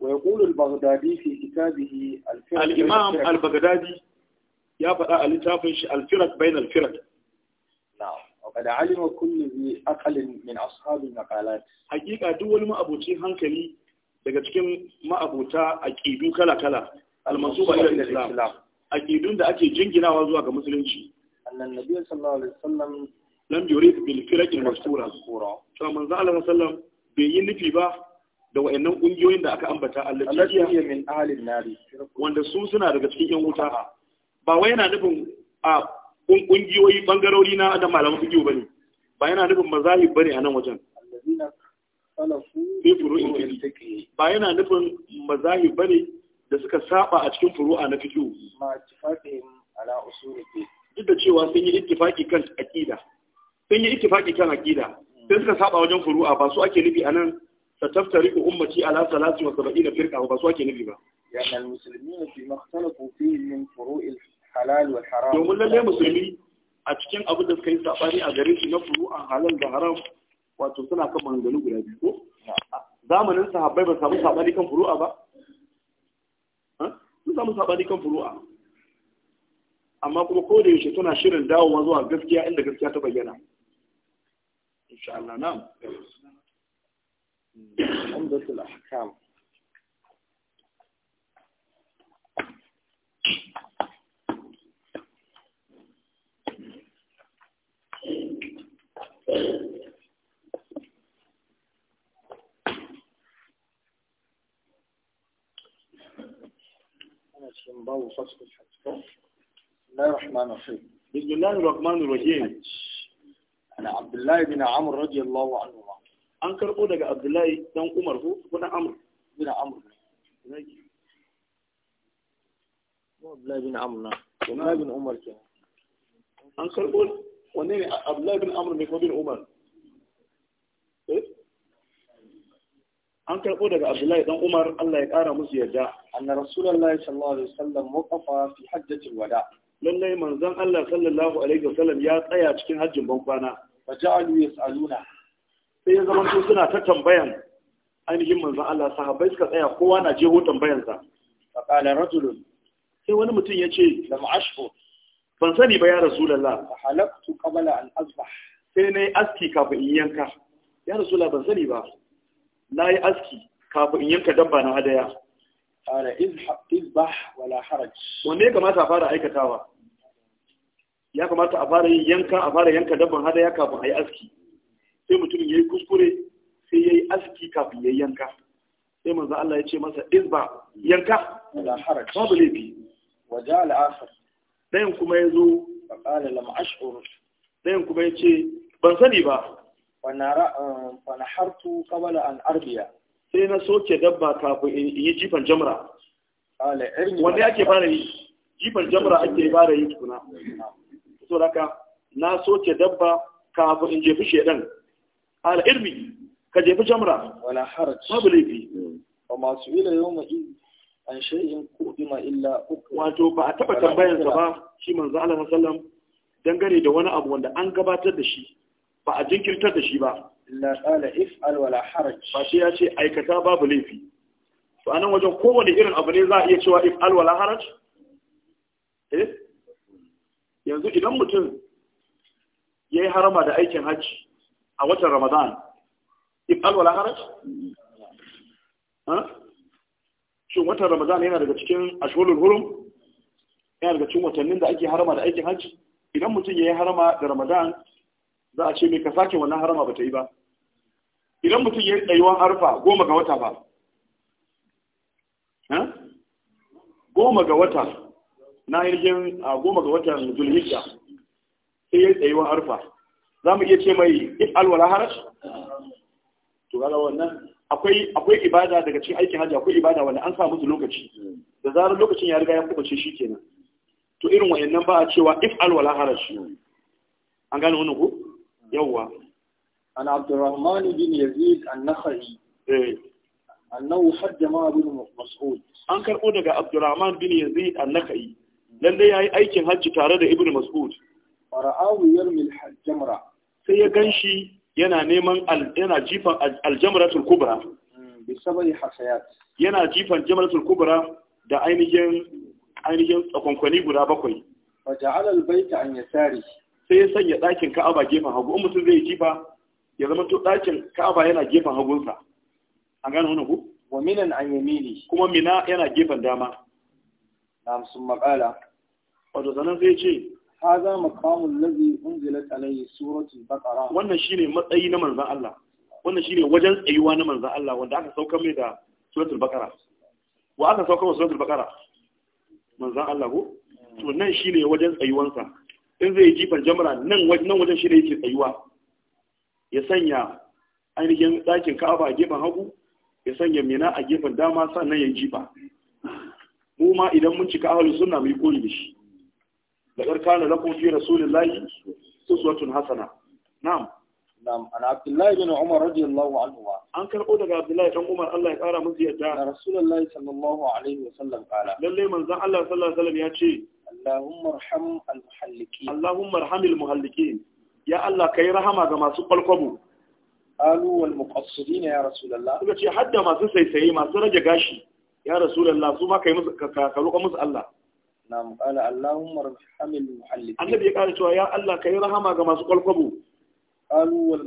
Speaker 1: ويقول البغدادي في كتابه الإمام البغدادي ya faɗa a littafin shi alfirat bain alfirat وقد علم كل ذي أقل من أصحاب المقالات حقيقة دول ما أبوتين هنكلي daga cikin ma'abuta ƙidu kala-kala da ila islam ƙidun da ake jinginawa zuwa ga musulunci annan nabi sallallahu alaihi wasallam lam yurid bil firaq bai yi nufi ba da wayannan kungiyoyin da aka ambata a min ahli wanda su suna daga cikin yan wuta ba wai yana nufin a kungiyoyi bangarori na da malaman fiqh bane ba yana nufin ba ne a nan wajen ba yana nufin ba ne da suka saba a cikin furu'a na fiqh duk da cewa sun yi ittifaqi kan akida sun yi ittifaqi kan akida sai suka saba wajen furu'a ba su ake nufi anan sataftariqu ummati ala salatu wa sab'ina firqa ba su ake nufi ba لأن المسلمين فيما اختلفوا فيه من فروع الحلال والحرام يوم الله مسلمين أتكين أبو دفك يستعباني أغريك نفروع حلال وحرام wato suna kan maganganu guda biyu ko zamanin sahabbai ba samu sabani kan furu'a ba sun samu sabani kan furu'a amma kuma ko da yaushe suna shirin dawowa zuwa gaskiya inda gaskiya ta bayyana
Speaker 2: insha Allah
Speaker 1: بسم الله الرحمن الرحيم أنا عبد الله بن عمرو رضي الله عنه انكر karɓo عبد الله بن umar ko بن عمرو بن عمرو Abdullahi bin Amr Abdullahi bin Umar ke. An karɓo wanne ne Abdullahi bin Amr ne Umar? Eh? An karɓo daga Abdullahi dan Umar Allah ya ƙara musu yarda. Anna Rasulallah sallallahu alaihi wasallam waqafa fi hajjatil wada. Lallai manzan Allah sallallahu alaihi wasallam ya tsaya cikin hajjin bankwana. Fa ya yas'aluna. Sai ya zama suna ta tambayan ainihin manzan Allah sahabbai suka tsaya kowa na jeho tambayansa. Fa qala rajulun sai wani mutum ya ce da ma'ashko ban sani ba ya rasulallah fa halaktu qabla an asbah sai yi aski kafin in yanka ya rasulullah ban sani ba Na yi aski kafin in yanka dabba na hadaya ala izba wala haraj wanne ya kamata a fara aikatawa ya kamata a fara yin yanka a fara yanka dabban hadaya kafin a yi aski sai mutum ya yi kuskure sai ya yi aski kafin ya yanka sai manzo Allah ya ce masa izba yanka wala haraj babu laifi waje akhar ɗayan kuma ya zo a ƙalin lam ashur ɗayan kuma ya ce ban sani ba fana eh, hartu kabala an arbiya sai na soke dabba kafin in yi jifan jamra wanda ake fara yi jifan jamra ake fara yi tukuna so raka na soke dabba kafin in jefi shedan ala irmi ka jefi jamra wala haraj babu laifi wa masu ila yau mai an illa wato ba a taba tambayar sa ba shi manzo Allah sallam dangane da wani abu wanda an gabatar da shi ba a jinkirtar da shi ba la qala if'al wala haraj ba shi ya ce aikata babu laifi to anan wajen kowane irin abu ne za a iya cewa if'al wala haraj eh yanzu idan mutum yayi harama da aikin haji a watan Ramadan if'al wala haraj ha mm-hmm. shi watan ramadan yana daga cikin ashwalul hurum yana daga cikin watannin da ake harama da aikin hajji idan mutum ya yi harama da ramadan za a ce mai ka sake wannan harama ba ta yi ba idan mutum ya yi tsayuwan arfa goma ga wata ba goma ga wata na yirgin a goma ga watan zulhijja sai ya yi tsayuwan arfa za mu iya ce mai alwala haraj to kaga wannan akwai akwai ibada daga cikin aikin hajji akwai ibada wanda an sa musu lokaci da zarar lokacin ya riga ya kubace shi kenan to irin wayannan ba a cewa if al wala haraj an gane wannan ko yawwa an abdurrahman bin yazid an-nakhai eh annahu hajja ma bin mas'ud an karbo daga abdurrahman bin yazid an-nakhai lalle yayi aikin hajji tare da ibnu mas'ud fara'ahu yarmil hajjamra sai ya ganshi yana neman yana jifan aljamaratul kubra
Speaker 2: hmm,
Speaker 1: bi sabari hasayat yana jifan jamaratul kubra da ainihin ainihin tsakonkwani guda bakwai fa ja'ala albayta an yasari sai ya sanya dakin ka'aba gefen hagu in mutum zai jifa ya zama to dakin ka'aba yana gefen hagunsa an gane wannan ku wa minan an yamini kuma mina yana gefen dama na sun maƙala wato sanan sai ce هذا مقام الذي أنزلت عليه سورة bakara. wannan shine matsayi na manzan Allah wannan shine wajen tsayuwa na manzan Allah wanda aka sauka mai da suratul baqara wa aka sauka wa suratul baqara manzon Allah ko to nan shine wajen tsayuwansa in zai jifan jamra nan wajen wajen shine yake tsayuwa ya sanya ainihin ɗakin Ka'aba a gefen hagu ya sanya Mina a gefen dama sannan ya ji jifa mu ma idan mun cika ahlus sunna mu yi koyi da shi kadar kana la kun fi rasulillahi uswatun hasana na'am na'am an abdullahi bin umar radiyallahu anhu an karbo daga abdullahi dan umar Allah ya kara musu yadda rasulullahi sallallahu alaihi wasallam kala lalle manzon Allah sallallahu alaihi ya ce اللهم ارحم المحلقين اللهم ارحم المحلقين يا الله كاي رحما ga masu kwalkwabo قالوا والمقصدين يا رسول الله kuma ce hadda masu saisaye masu rage gashi ya rasulullah su ma kai musu ka karuka musu Allah na'am qala allahumma rahamil muhallifin annabi ya kare cewa ya Allah kai rahama ga masu kwalkwabo qalu wal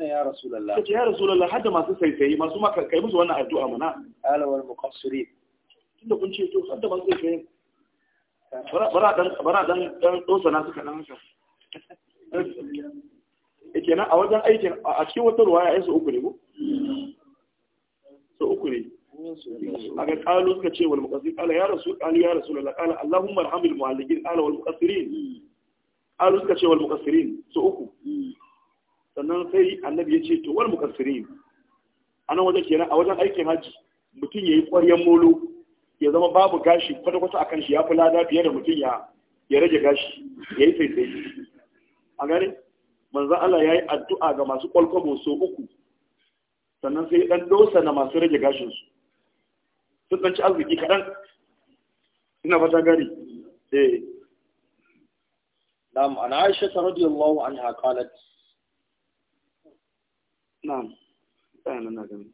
Speaker 1: ya rasulullah kace ya rasulullah hadda masu saisayi masu maka kai musu wannan addu'a mana qala wal tunda kun to hadda masu saisayi bara dan bara dan dan dosa na suka dan haka eh, a wajen aikin a cikin wata ruwaya ai su uku ne
Speaker 2: mm.
Speaker 1: uku ne aka kalu suka ce wal muqassir qala ya rasul qala ya rasul Allah qala Allahumma arhamil mu'alliqin qala wal muqassirin qalu suka ce wal su uku sannan sai annabi ya ce to wal a nan wajen kenan a wajen aikin hajji mutum ya yi ƙwaryen molo ya zama babu gashi kwata kwata akan shi ya fi lada fiye da mutum ya ya rage gashi ya yi saitai a gare manzan Allah ya yi addu'a ga masu kwalkwabo so uku sannan sai ɗan dosa na masu rage gashinsu sun ɗanci arziki kaɗan ina fata gari نعم عن عائشة رضي الله عنها قالت نعم أنا نعم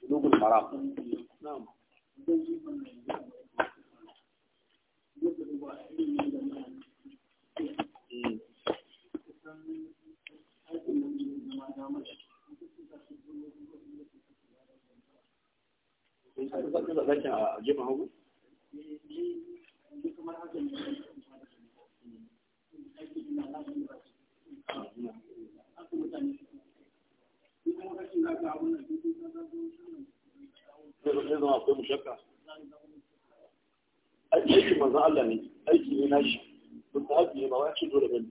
Speaker 1: شلوك المرام نعم aiki manzan Allah ne aiki ne nashi ne ba wai ake dole bane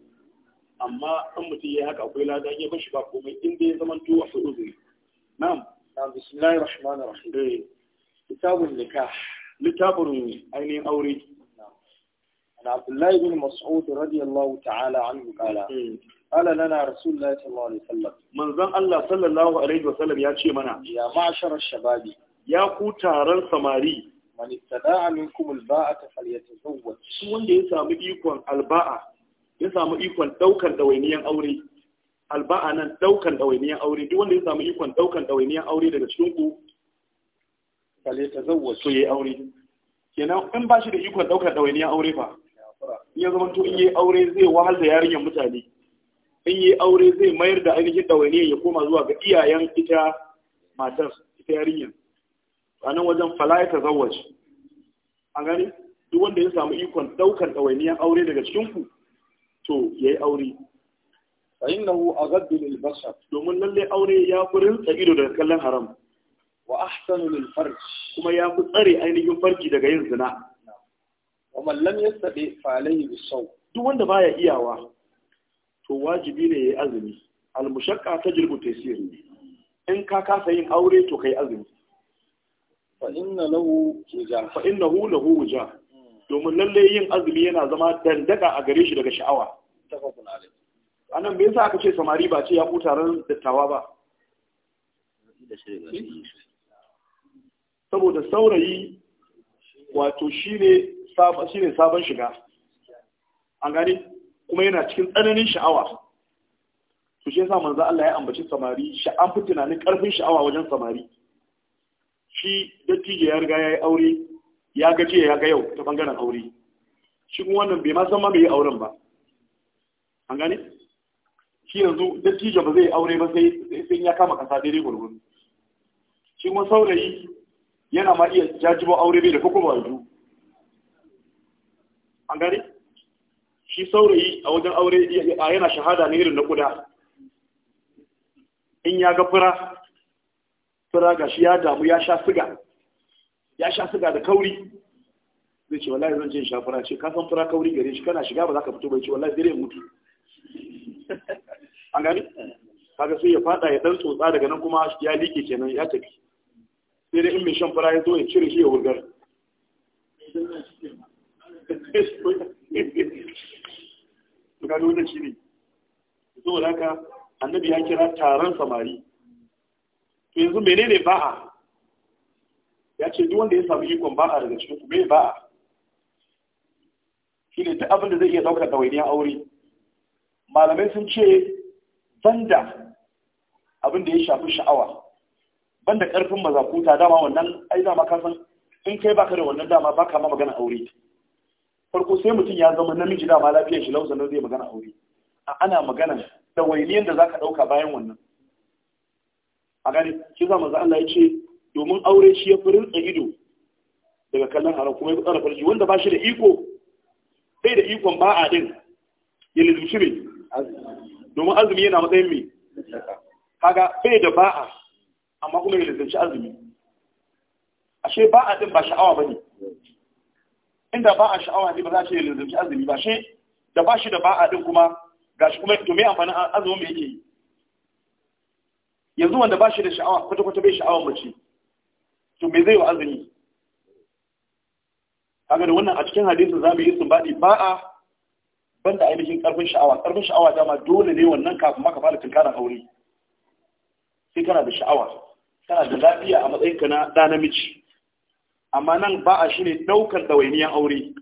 Speaker 1: amma in mutum ya haka akwai lada ya bashi ba komai in dai ya zama to akwai uzuri na'am na bismillahir rahmanir rahim eh kitabun nikah litabun ainihin aure عن Abdullahi bin بن مسعود رضي الله تعالى قال لنا رسول الله صلى الله عليه وسلم من ذن الله صلى الله عليه وسلم يا شي منا يا معشر الشباب يا كو تارن samari man istada'a minkum al-ba'a falyatazawwaj wanda ya samu ikon alba'a? ya samu ikon daukar dawainiyan aure alba'a nan daukar dawainiyan aure duk wanda ya samu ikon daukar dawainiyan aure daga cikin ku bale ta zauwa so yayi aure kenan in ba shi da ikon daukar dawainiyan aure fa ya zama to in yi aure zai wahal da yarinyar mutane in yi aure zai mayar da ainihin ɗawainiyar ya koma zuwa ga iyayen ita matar ita yarinyar a nan wajen falaya ta zawaci a gani duk wanda ya samu ikon daukar ɗawainiyar aure daga cikinku to yayi aure fa innahu aghaddu lil basar domin lalle aure ya fi rinsa ido daga kallon haram wa ahsanu lil farj kuma ya fi tsare ainihin farji daga yin zina wa man lam yastadi fa alayhi bisaw duk wanda baya iyawa to wajibi ne yayi azumi al mushaqqa tajribu taysir in ka kasa yin aure to kai azumi fa inna lahu fa innahu lahu wuja domin lalle yin azumi yana zama dandaka a gare shi daga sha'awa anan me yasa aka ce samari ba ce ya ku taron dattawa ba saboda saurayi wato shi ne sabon shiga an gani kuma yana cikin tsananin sha'awa to shi yasa manzo Allah ya ambaci samari sha'an fi tunanin karfin sha'awa wajen samari shi dattijo ya riga ya yi aure ya ga jiya ya ga yau ta bangaren aure shi kuma wannan bai ma san ma bai yi auren ba an gane shi yanzu dattijo ba zai aure ba sai sai ya kama kasa daidai gurgurun shi kuma saurayi yana ma iya jajibo aure bai da kuka ba yanzu an gane shi saurayi a wajen aure a yana shahada ne irin na kuda in ya ga fura fura ga shi ya damu ya sha siga ya sha suga da kauri zai ce wallahi zan je in shafura ce ka san fura kauri gare shi kana shiga ba za ka fito ba. ce wallahi zai mutu an gani kaga sai ya fada ya dan tsotsa daga nan kuma ya liƙe kenan ya tafi sai dai in mai shan fura ya zo ya cire shi ya wurgar ga wannan shi ne saboda haka annabi ya kira taron samari to yanzu menene ba'a ya ce duk wanda ya samu ikon ba'a daga cikin ku ba ba'a shi ne ta abin da zai iya ɗaukar ɗawainiyar aure malamai sun ce banda abin da ya shafi sha'awa banda ƙarfin ta dama wannan ai dama ka san in kai baka da wannan dama baka ma magana aure farko sai mutum ya zama namiji dama lafiyar shi lausa zai magana aure a ana magana ɗawainiyar da zaka ɗauka bayan wannan a gani shi za manzo Allah ya ce domin aure shi ya furin ido daga kallon haram kuma ya tsara farji wanda ba shi da iko sai da ikon ba a din ya lizumci ne domin azumi yana matsayin mai kaga bai da ba'a amma kuma ya lizumci azumi ashe ba'a din ba sha'awa ba ne inda ba a sha'awa ne ba za shi ya lizumci azumi ba shi da ba shi da ba'a din kuma gashi kuma to me amfanin azumin me yake yanzu wanda ba shi da sha'awa kwata-kwata bai sha'awar mace to me zai wa azumi kaga da wannan a cikin hadisin za mu yi sun baɗi ba a banda ainihin ƙarfin sha'awa ƙarfin sha'awa dama dole ne wannan kafin maka fara tunkarar aure sai kana da sha'awa kana da lafiya a matsayin ka na ɗa namiji amma nan ba a shine ɗaukar ɗawainiyar aure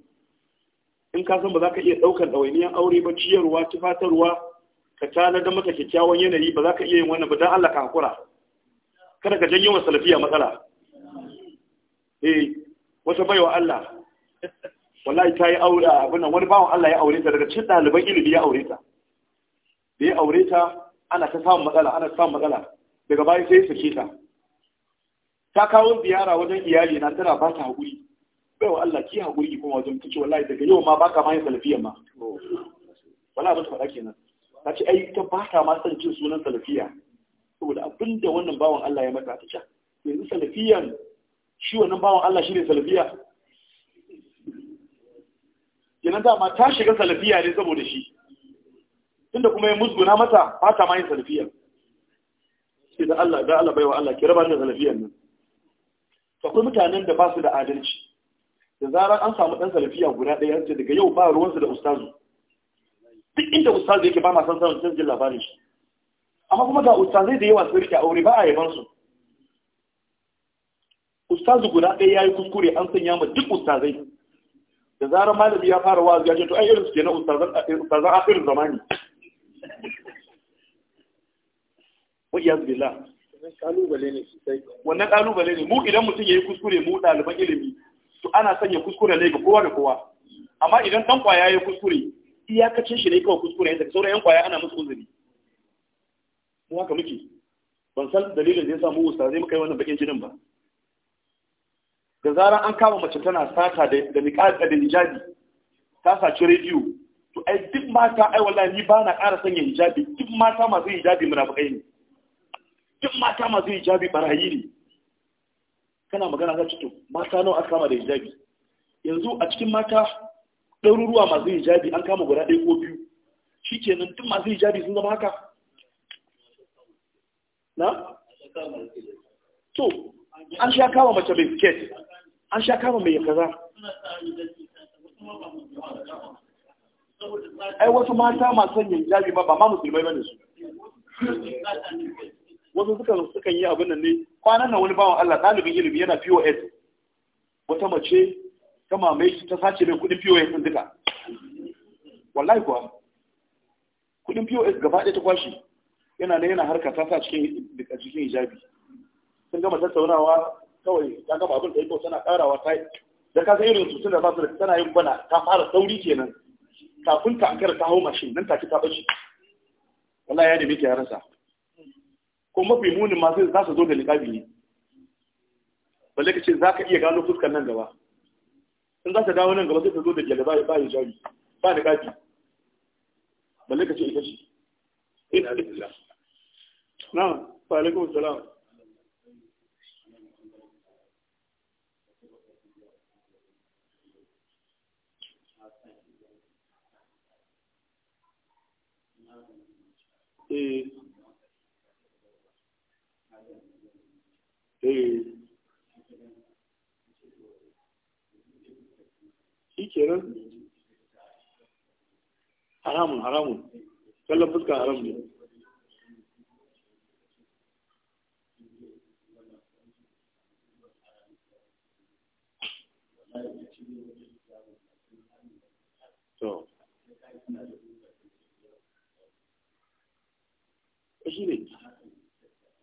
Speaker 1: in ka san ba za ka iya ɗaukar ɗawainiyar aure ba ciyarwa tufatarwa ka tana da mata kyakkyawan yanayi ba za ka iya yin wannan ba don Allah ka hakura kada ka janyo wa salafiya matsala eh wata baiwa Allah wallahi ta yi aure abin wani bawan Allah ya aure ta daga cikin ɗaliban ilimi ya aure ta da ya aure ta ana ta samun matsala ana ta samun matsala daga bayan sai sake ta ta kawo ziyara wajen iyali na tana ba ta haƙuri baiwa Allah ki haƙuri kuma wajen tace wallahi daga yau ma baka ma yin salafiya ma wallahi ba ta faɗa kenan ta ce ai ta ba ta ma son cin sunan salafiya saboda abinda wannan bawan Allah ya mata ta ce yanzu salafiyan shi wannan bawan Allah shi ne salafiya kenan dama ta shiga salafiya ne saboda shi tunda kuma ya musguna mata ba ta ma yin salafiya sai da Allah da Allah baiwa Allah ke raba da salafiyan nan to akwai mutanen da ba su da adalci da zarar an samu dan salafiya guda ɗaya sai daga yau ba ruwansu da ustazu duk inda ustazu yake ba ma san sanin canjin labarin shi amma kuma ga ustazai da yawa su rike aure ba a yaban su ustazu guda ɗaya ya yi kuskure an sanya ma duk ustazai da zarar malami ya fara wa'azi ya ce to ai irin su ke na ustazan akhirin zamani wa'iyaz billah kalubale ne wannan kalubale ne mu idan mutum ya yi kuskure mu ɗaliban ilimi to ana sanya kuskure ne ga kowa da kowa amma idan ɗan kwaya ya yi kuskure iyakacin shi ne kawai kuskure ya sauran yan kwaya ana musu uzuri mu haka muke ban san dalilin da ya samu ustazai muka yi wannan bakin jinin ba da zarar an kama mace tana sata da miƙaƙa da hijabi ta saci rediyo to ai duk mata ai wallahi ni ba na ƙara sanya hijabi duk mata masu hijabi munafukai ne duk mata masu hijabi barayi ne kana magana za to mata nawa aka kama da hijabi yanzu a cikin mata ɗaruruwa masu hijabi an kama guda ɗaya ko biyu shi kenan duk masu hijabi sun zama haka na? to an sha kama mace mai sket an sha kama mai kaza ai wasu mata masu sanya jabi ba ba ma musulmai bane su wasu suka suka yi abin nan ne kwanan nan wani bawan Allah ɗalibin ilimi yana POS wata mace ta mamaye shi ta sace mai kuɗin POS din duka wallahi kuwa kuɗin POS gaba ɗaya ta kwashi yana ne yana harka ta sa cikin cikin hijabi sun gama tattaunawa kawai ta gama abin da ya tana karawa ta da ka irin su da ba su da tana yin bana ta fara sauri kenan kafin ta ankara ta hau mashin nan take ta bace wallahi ya nemi ya rasa ko mafi munin ma sai za su zo da likabi ne balle ka ce za ka iya gano fuskar nan gaba in za ta dawo nan gaba sai ta zo da gyalaba ya bayan jami ba da kafi balle ka ce ita ce na wa alaikum salam
Speaker 2: Eh. Eh.
Speaker 1: haramun haramun kallon fuska haramun.
Speaker 2: Thank you. So.
Speaker 1: shi ne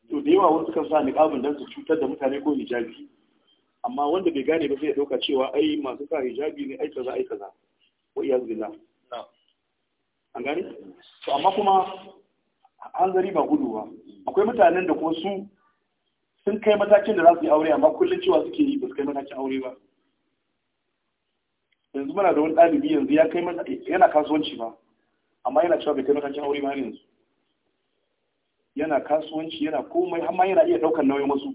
Speaker 1: to da yawa wasu kan sa ƙabin don su cutar da mutane ko hijabi amma wanda bai gane ba sai ya dauka cewa ai masu sa hijabi ne ai kaza ai kaza wa iya billah an gani? to amma kuma hanzari ba gudu ba akwai mutanen da kuma su sun kai matakin da za su yi aure amma kullum cewa suke yi ba su kai matakin aure ba yanzu muna da wani ɗalibi yanzu ya kai yana kasuwanci ba, amma yana cewa bai kai matakin aure ma yanzu yana kasuwanci yana komai amma yana iya ɗaukar nauyin wasu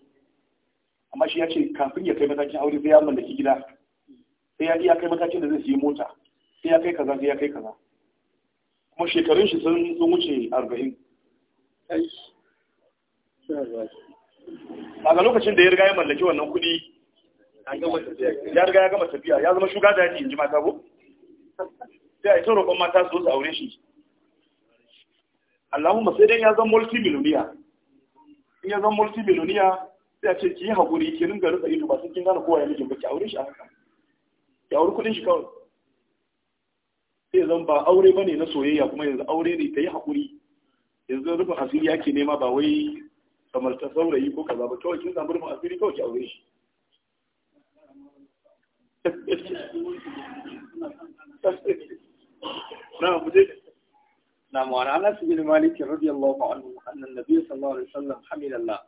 Speaker 1: amma shi ya ce kafin ya kai matakin aure sai ya mallaki gida sai ya iya kai matakin da zai siya mota sai ya kai kaza sai ya kai kaza kuma shekarun shi sun wuce arba'in a ga lokacin da ya riga ya mallaki wannan kuɗi ya riga ya gama tafiya ya zama shuga daji in ji mata ko sai a yi roƙon mata su su aure shi Allahumma sai dai ya zama multi miloniya in ya zama multi miloniya sai a ce ki yi haƙuri ke nun garin ido ba sai kin gane kowa ya mijin ba ki aure shi a haka ki aure kuɗin shi kawai sai zan ba aure ba ne na soyayya kuma yanzu aure ne ta yi haƙuri yanzu rufin asiri ke nema ba wai kamar ta saurayi ko kaza ba kawai kin samu rufin asiri kawai ki aure shi نعم نعم وعن انس بن مالك رضي الله عنه ان النبي صلى الله عليه وسلم حمل الله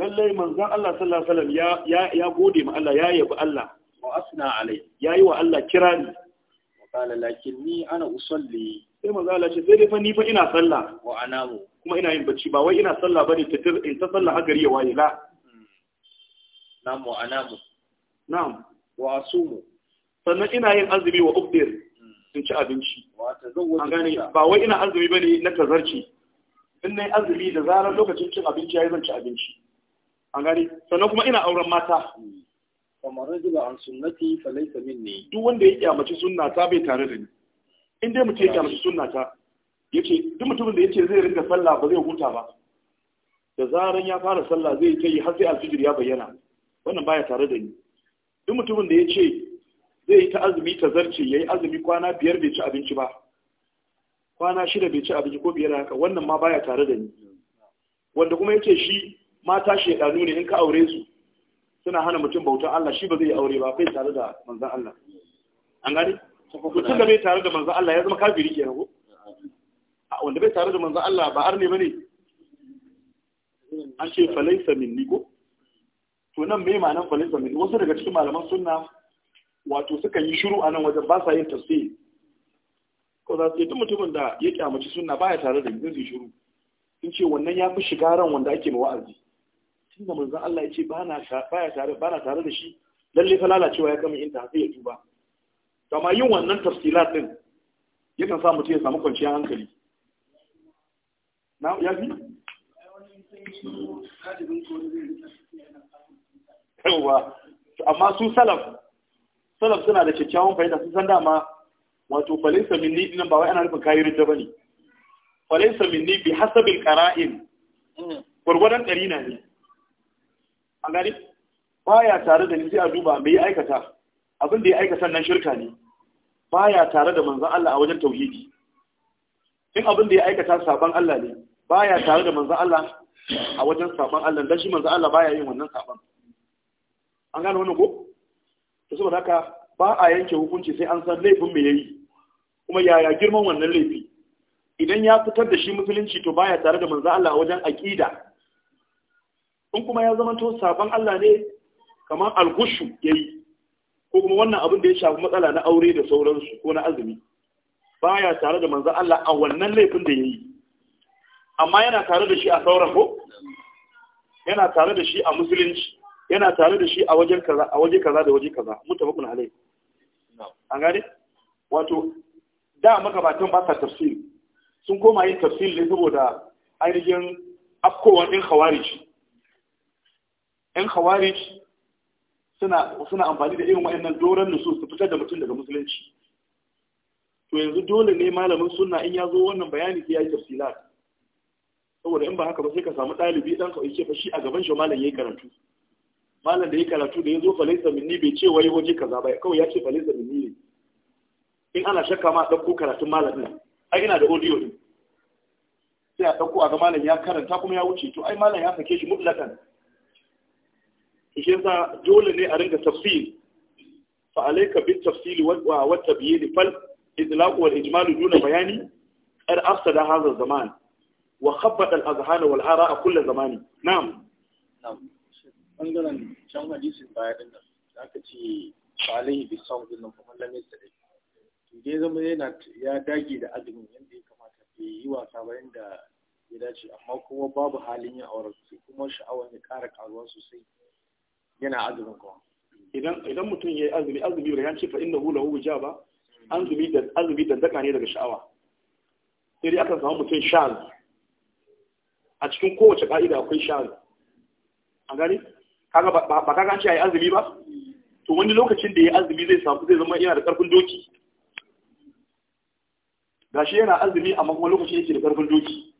Speaker 1: lallai Allah sallallahu ya gode ma Allah ya yabi Allah wa alai yayi wa Allah kirani wa qala lakinni ana usalli sai Allah ce sai dai fa ina sallah wa anamu kuma ina yin bacci ba wai ina sallah bane ta in ta sallah wa asumu sannan ina yin azumi wa ubdir hmm. in ci abinci ba wai ina azumi bane na tazarci in nayi azumi da zarar lokacin cin abinci yayi zan ci abinci an gani sannan kuma ina auren mata hmm. kamar rajula an sunnati fa laysa minni duk wanda ya mace sunna ta bai tare da ni in dai mutum ya mace sunna ta yace duk mutumin da yace zai rinka sallah ba zai huta ba da zarar ya fara sallah zai yi har sai alfijir ya bayyana wannan baya tare da ni duk mutumin da ya ce zai yi ta azumi ta zarce ya yi azumi kwana biyar bai ci abinci ba kwana shida bai ci abinci ko biyar haka wannan ma baya tare da ni wanda kuma ya ce shi mata shaidanu ne in ka aure su suna hana mutum bautar Allah shi ba zai yi aure ba kai tare da manzan Allah an gani mutum da bai tare da manzan Allah ya zama kafiri ke rago wanda bai tare da manzan Allah ba arne bane an ce falaisa minni ko to nan me ma'anar falisa min wasu daga cikin malaman suna, wato suka yi shiru a nan wajen ba sa yin tafsir ko za su yi mutumin da ya kyamaci suna baya tare da yin zai shiru sun ce wannan ya fi shiga ran wanda ake ma wa'azi tun da manzan Allah ya ce ba na tare ba tare da shi lalle fa lalacewa ya kama inta sai ya tuba kama yin wannan tafsilat din yakan sa mutum ya samu kwanciyar hankali na ya fi yauwa amma su salaf salaf suna da kyakkyawan fahimta sun san dama wato falaisa minni dinan ba wai ana nufin kayi ridda bane falaisa minni bi hasabil qara'in mm. gurgurdan na ne an gani baya tare da ni sai a duba me ya aikata abin da ya aikata nan shirka ne baya tare da manzon Allah a wajen tauhidi in abin da ya aikata saban Allah ne baya tare da manzon Allah a wajen saban Allah dan shi manzon Allah baya yin wannan saban an gane wannan ko to saboda haka ba a yanke hukunci sai an san laifin me yayi kuma yaya girman wannan laifi idan ya fitar da shi musulunci to baya tare da manzo Allah wajen aqida in kuma ya zama to sabon Allah ne kamar algushu yayi ko kuma wannan abin da ya shafi matsala na aure da sauransu ko na azumi baya tare da manzo Allah a wannan laifin da yayi amma yana tare da shi a sauran ko yana tare da shi a musulunci yana tare da shi a wajen kaza a waje kaza da waje kaza mutabakun alai an gane wato da magabatan ba sa tafsir sun koma yin tafsir ne saboda ainihin afkowar ɗin khawarij ɗin khawarij suna suna amfani da irin waɗannan doron nusus su fitar da mutum daga musulunci to yanzu dole ne malamin sunna in ya zo wannan bayani sai ya yi tafsilat saboda in ba haka ba sai ka samu ɗalibi ɗan kawai ce fa shi a gaban shi malam ya yi karatu malam da ya karatu da ya zo falaisa minni bai ce wai waje kaza ba kawai ya ce falaisa minni ne in ana shakka ma ɗauko karatun malamin ai ina da audio ne. sai a ɗauko a ga malam ya karanta kuma ya wuce to ai malam ya sake shi mutlakan shi yasa dole ne a ringa tafsir fa alayka bit tafsil wa wa tabyin fal idlaq wal ijmal duna bayani qad afsada hadha zaman wa khabata al azhana wal ara'a kull zamani na'am
Speaker 2: na'am ɓangaren can hadisin baya ɗin nan za ka ce falai bi sau din nan kuma lamis da
Speaker 1: dai to dai zama yana ya dage da azumin yadda ya kamata ya yi wasa ba yadda ya dace amma kuma babu halin yin auren sai kuma sha'awar ya ƙara ƙaruwa sosai yana azumin kuma idan idan mutum ya yi azumi azumi da ce fa hula lahu ba azumi da azumi da daka ne daga sha'awa sai dai aka samu mutum sha'al a cikin kowace ka'ida akwai sha'al a gani kaga ba kaga an ce ayi azumi ba to wani lokacin da yayi azumi zai samu zai zama yana da karfin doki gashi yana azumi amma kuma lokacin yake da karfin doki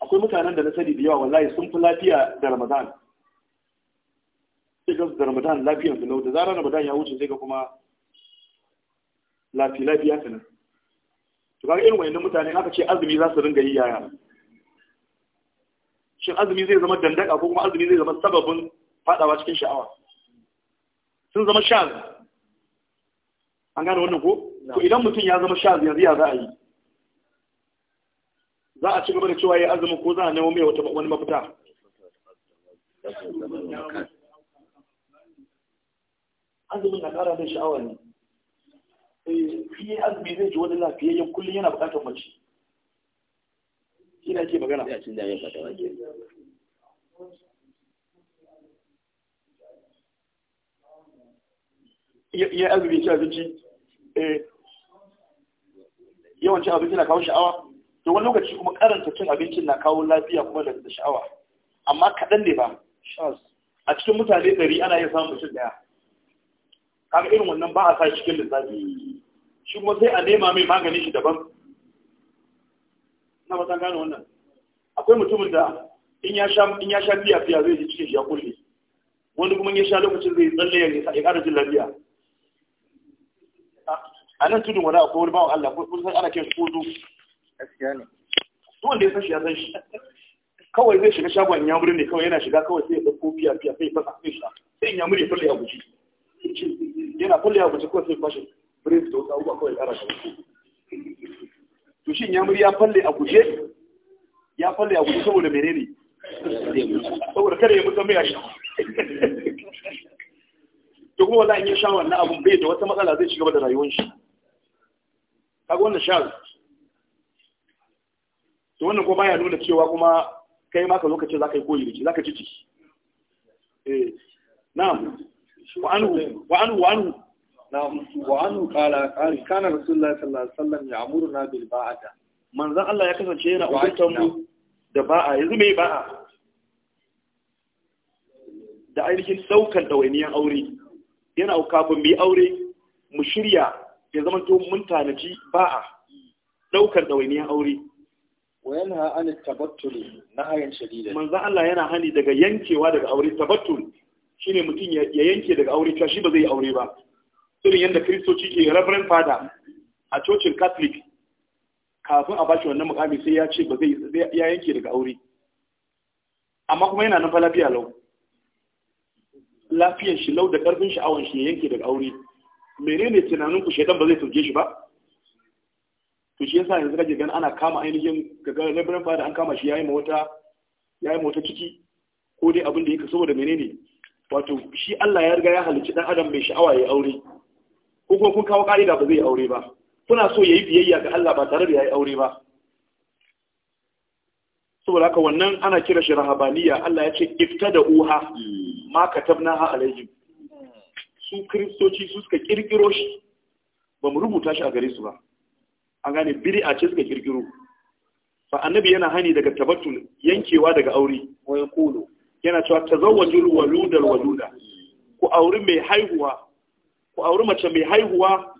Speaker 1: akwai mutanen da na sani da yawa wallahi sun fi lafiya da Ramadan sai ga da Ramadan lafiyar su da zarar Ramadan ya wuce sai ga kuma lafiya lafiya kana to kaga irin wayannan mutane aka ce azumi za su ringa yi yaya shin azumi zai zama dandaka ko kuma azumi zai zama sababin fadawa cikin sha'awa sun zama shaz an gane wannan ko to idan mutum ya zama shaz yanzu ya za a yi za a ci gaba da cewa ya azumi ko za a nemo mai wata wani mafita azumin na kara da sha'awa ne eh azumi zai ji wani lafiyayyen kullum yana bukatar mace shi na magana ya cin iya azumi ci abinci eh, yawan cin abinci na kawo sha'awa to wani lokaci kuma karanta cin abincin na kawo lafiya kuma da sha'awa amma kaɗan ne ba a cikin mutane ɗari ana iya samun mutum ɗaya kaga irin wannan ba a sa cikin lissafi shi kuma sai a nema mai magani shi daban na matan gane wannan akwai mutumin da in ya sha in fiya fiya zai ji cikin shi ya kulle wani kuma ya sha lokacin zai tsalle ya ya ƙara jin lafiya a nan tudun wani akwai wani bawan Allah kun san ana kai shi ko zu gaskiya wanda ya san shi ya san shi kawai zai shiga shagon ya ne kawai yana shiga kawai sai ya ɗauko fiya fiya sai ya fasa sai sha sai ya muri ya fulle ya guji yana fulle ya guji kawai sai ya fashe brace da wasu abubuwa kawai ya kara shi to shin ya muri ya falle a guje ya falle a guje saboda menene saboda kada ya mutu mai ashi to kuma wallahi in ya sha wannan abun bai da wata matsala zai shiga da rayuwar shi kaga wannan sha to wannan kuma baya nuna cewa kuma kai ma ka zo ka ce zaka yi koyi da shi zaka ci ci eh na'am wa anhu wa anhu wa anhu na'am قال Allah ya kasance yana umurtar da ba'a yanzu me ba'a da ainihin daukan ɗawainiyar aure yana kafin mu yi aure mu shirya ya zama to mun tanaji ba'a daukar ɗawainiyar aure وينهى عن من ذا الله yana hani daga yankewa daga aure tabattul shine mutum ya yanke daga aure cewa shi ba zai aure ba irin yadda kristoci ke reverend father a cocin catholic kafin a bashi wannan mukami sai ya ce ba zai ya yanke daga aure amma kuma yana nan fa lafiya lau Lafiyan shi lau da karfin sha'awan shi ya yanke daga aure menene tunanin ku shaidan ba zai sauke shi ba to shi yasa yanzu kake gani ana kama ainihin ga reverend father an kama shi yayi mota yayi mota ciki ko dai abin da yake saboda menene wato shi Allah ya riga ya halicci dan adam mai sha'awa ya aure ko kuma kun kawo ka'ida ba zai aure ba kuna so ya yi biyayya ga Allah ba tare da ya yi aure ba saboda haka wannan ana kira shi rahabaniya Allah ya ce ifta da uha ma katabna ha alaihim su kristoci su suka kirkiro shi ba mu rubuta shi a gare su ba an gane a ce suka kirkiro fa annabi yana hani daga tabattul yankewa daga aure wa yaqulu yana cewa tazawwaju walud walud ku auri mai haihuwa ku auri mace mai haihuwa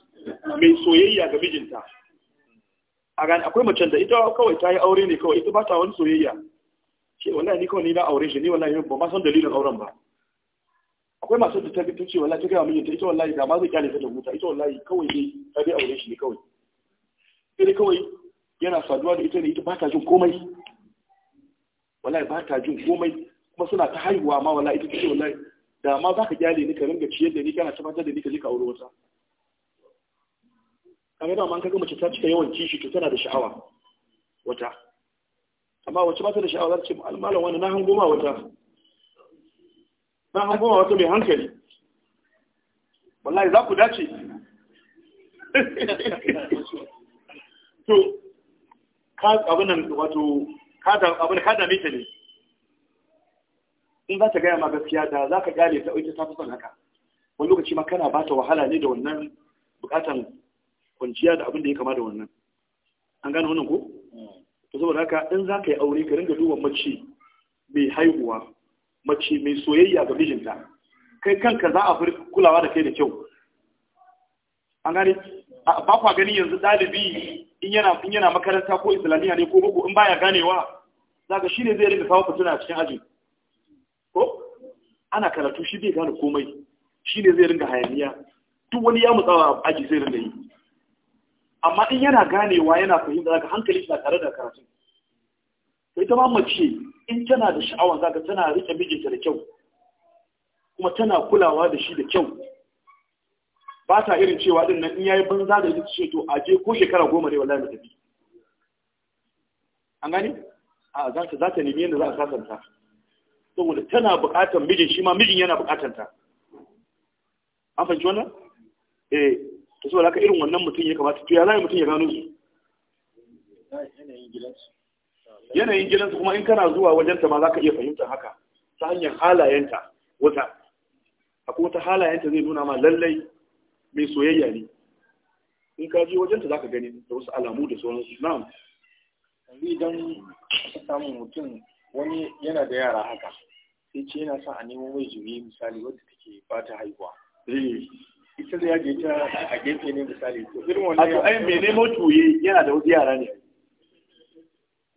Speaker 1: mai soyayya ga mijinta a gani akwai macen da ita kawai ta yi aure ne kawai ita ba ta wani soyayya ce wallahi ni kawai ni na aure shi ni wallahi ba ma san dalilin auren ba akwai masu da ta fito ce wallahi ta gaya mijinta ita wallahi da ma zai kyale ta da huta ita wallahi kawai ne ta bi aure shi ne kawai sai kawai yana saduwa da ita ne ita ba ta jin komai wallahi ba ta jin komai kuma suna ta haihuwa ma wallahi ita ce wallahi da ma za ka gyale ni ka ringa ciyar da ni kana tabbatar da ni ka je ka auri wata kaga da man kaga mace ta cika yawan kishi to tana da sha'awa wata amma wace ba ta da sha'awa zarce ta malam wani na hango ma wata na hango ma wata mai hankali wallahi za ku dace to ka abin nan wato ka da abin ka da mita ne in za ta gaya ma gaskiya da za ka gane ta ita ta fi son haka wani lokaci ma kana ba ta wahala ne da wannan bukatan kwanciya da abin da ya kama da wannan an gane wannan ko to saboda haka in za ka yi aure ka ringa duba mace mai haihuwa mace mai soyayya ga mijinta kai kanka za a fi kulawa da kai da kyau an gane ba kwa ganin yanzu ɗalibi in yana in yana makaranta ko islamiyya ne ko boko in baya ganewa zaka shine zai rinka kawo fituna a cikin ajin ko ana karatu shi bai gane komai shi ne zai ringa hayaniya duk wani ya mutsawa a aji zai ringa yi amma in yana ganewa yana fahimta daga hankali na tare da karatu sai ta mace in tana da sha'awa zaka tana rike mijinta da kyau kuma tana kulawa da shi da kyau ba ta irin cewa din nan in yayi banza da ita ce to a je ko shekara goma ne wallahi mu tafi an gani a za ta nemi yadda za a sasanta saboda tana bukatar mijin shi ma mijin yana bukatar ta an fahimci wannan eh to saboda haka irin wannan mutum ya kamata to ya zai mutum ya gano su yanayin su kuma in kana zuwa wajenta ma za ka iya fahimtar haka ta hanyar halayenta wata akwai wata halayenta zai nuna ma lallai mai soyayya ne in ka je wajenta za ka gani da wasu alamu da sauransu na'am idan samun mutum wani yana da yara haka sai ce yana sa a nemo mai jiri misali wadda take ba ta haihuwa eh, ita da ya je ta a gefe ne misali to irin wannan ya ai mai nemo juye yana da wasu yara ne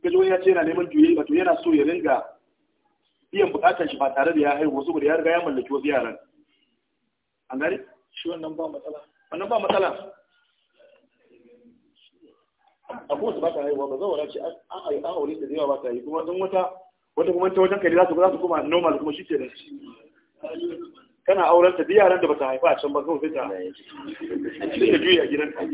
Speaker 1: gajo ya ce yana neman juye wato yana so ya ringa biyan bukatar shi ba tare da ya haihu saboda ya riga ya mallaki wasu yaran an gani shi wannan ba matsala wannan ba matsala a kowace ba ta haihuwa ba zawara ce an aure ta da yawa ba ta yi kuma don wata wata kuma ta wajen kai za su za su kuma normal kuma shi ce da shi. kana auren ta biya ran da bata haifa a can ba kawai ta. a cikin juya gidan ka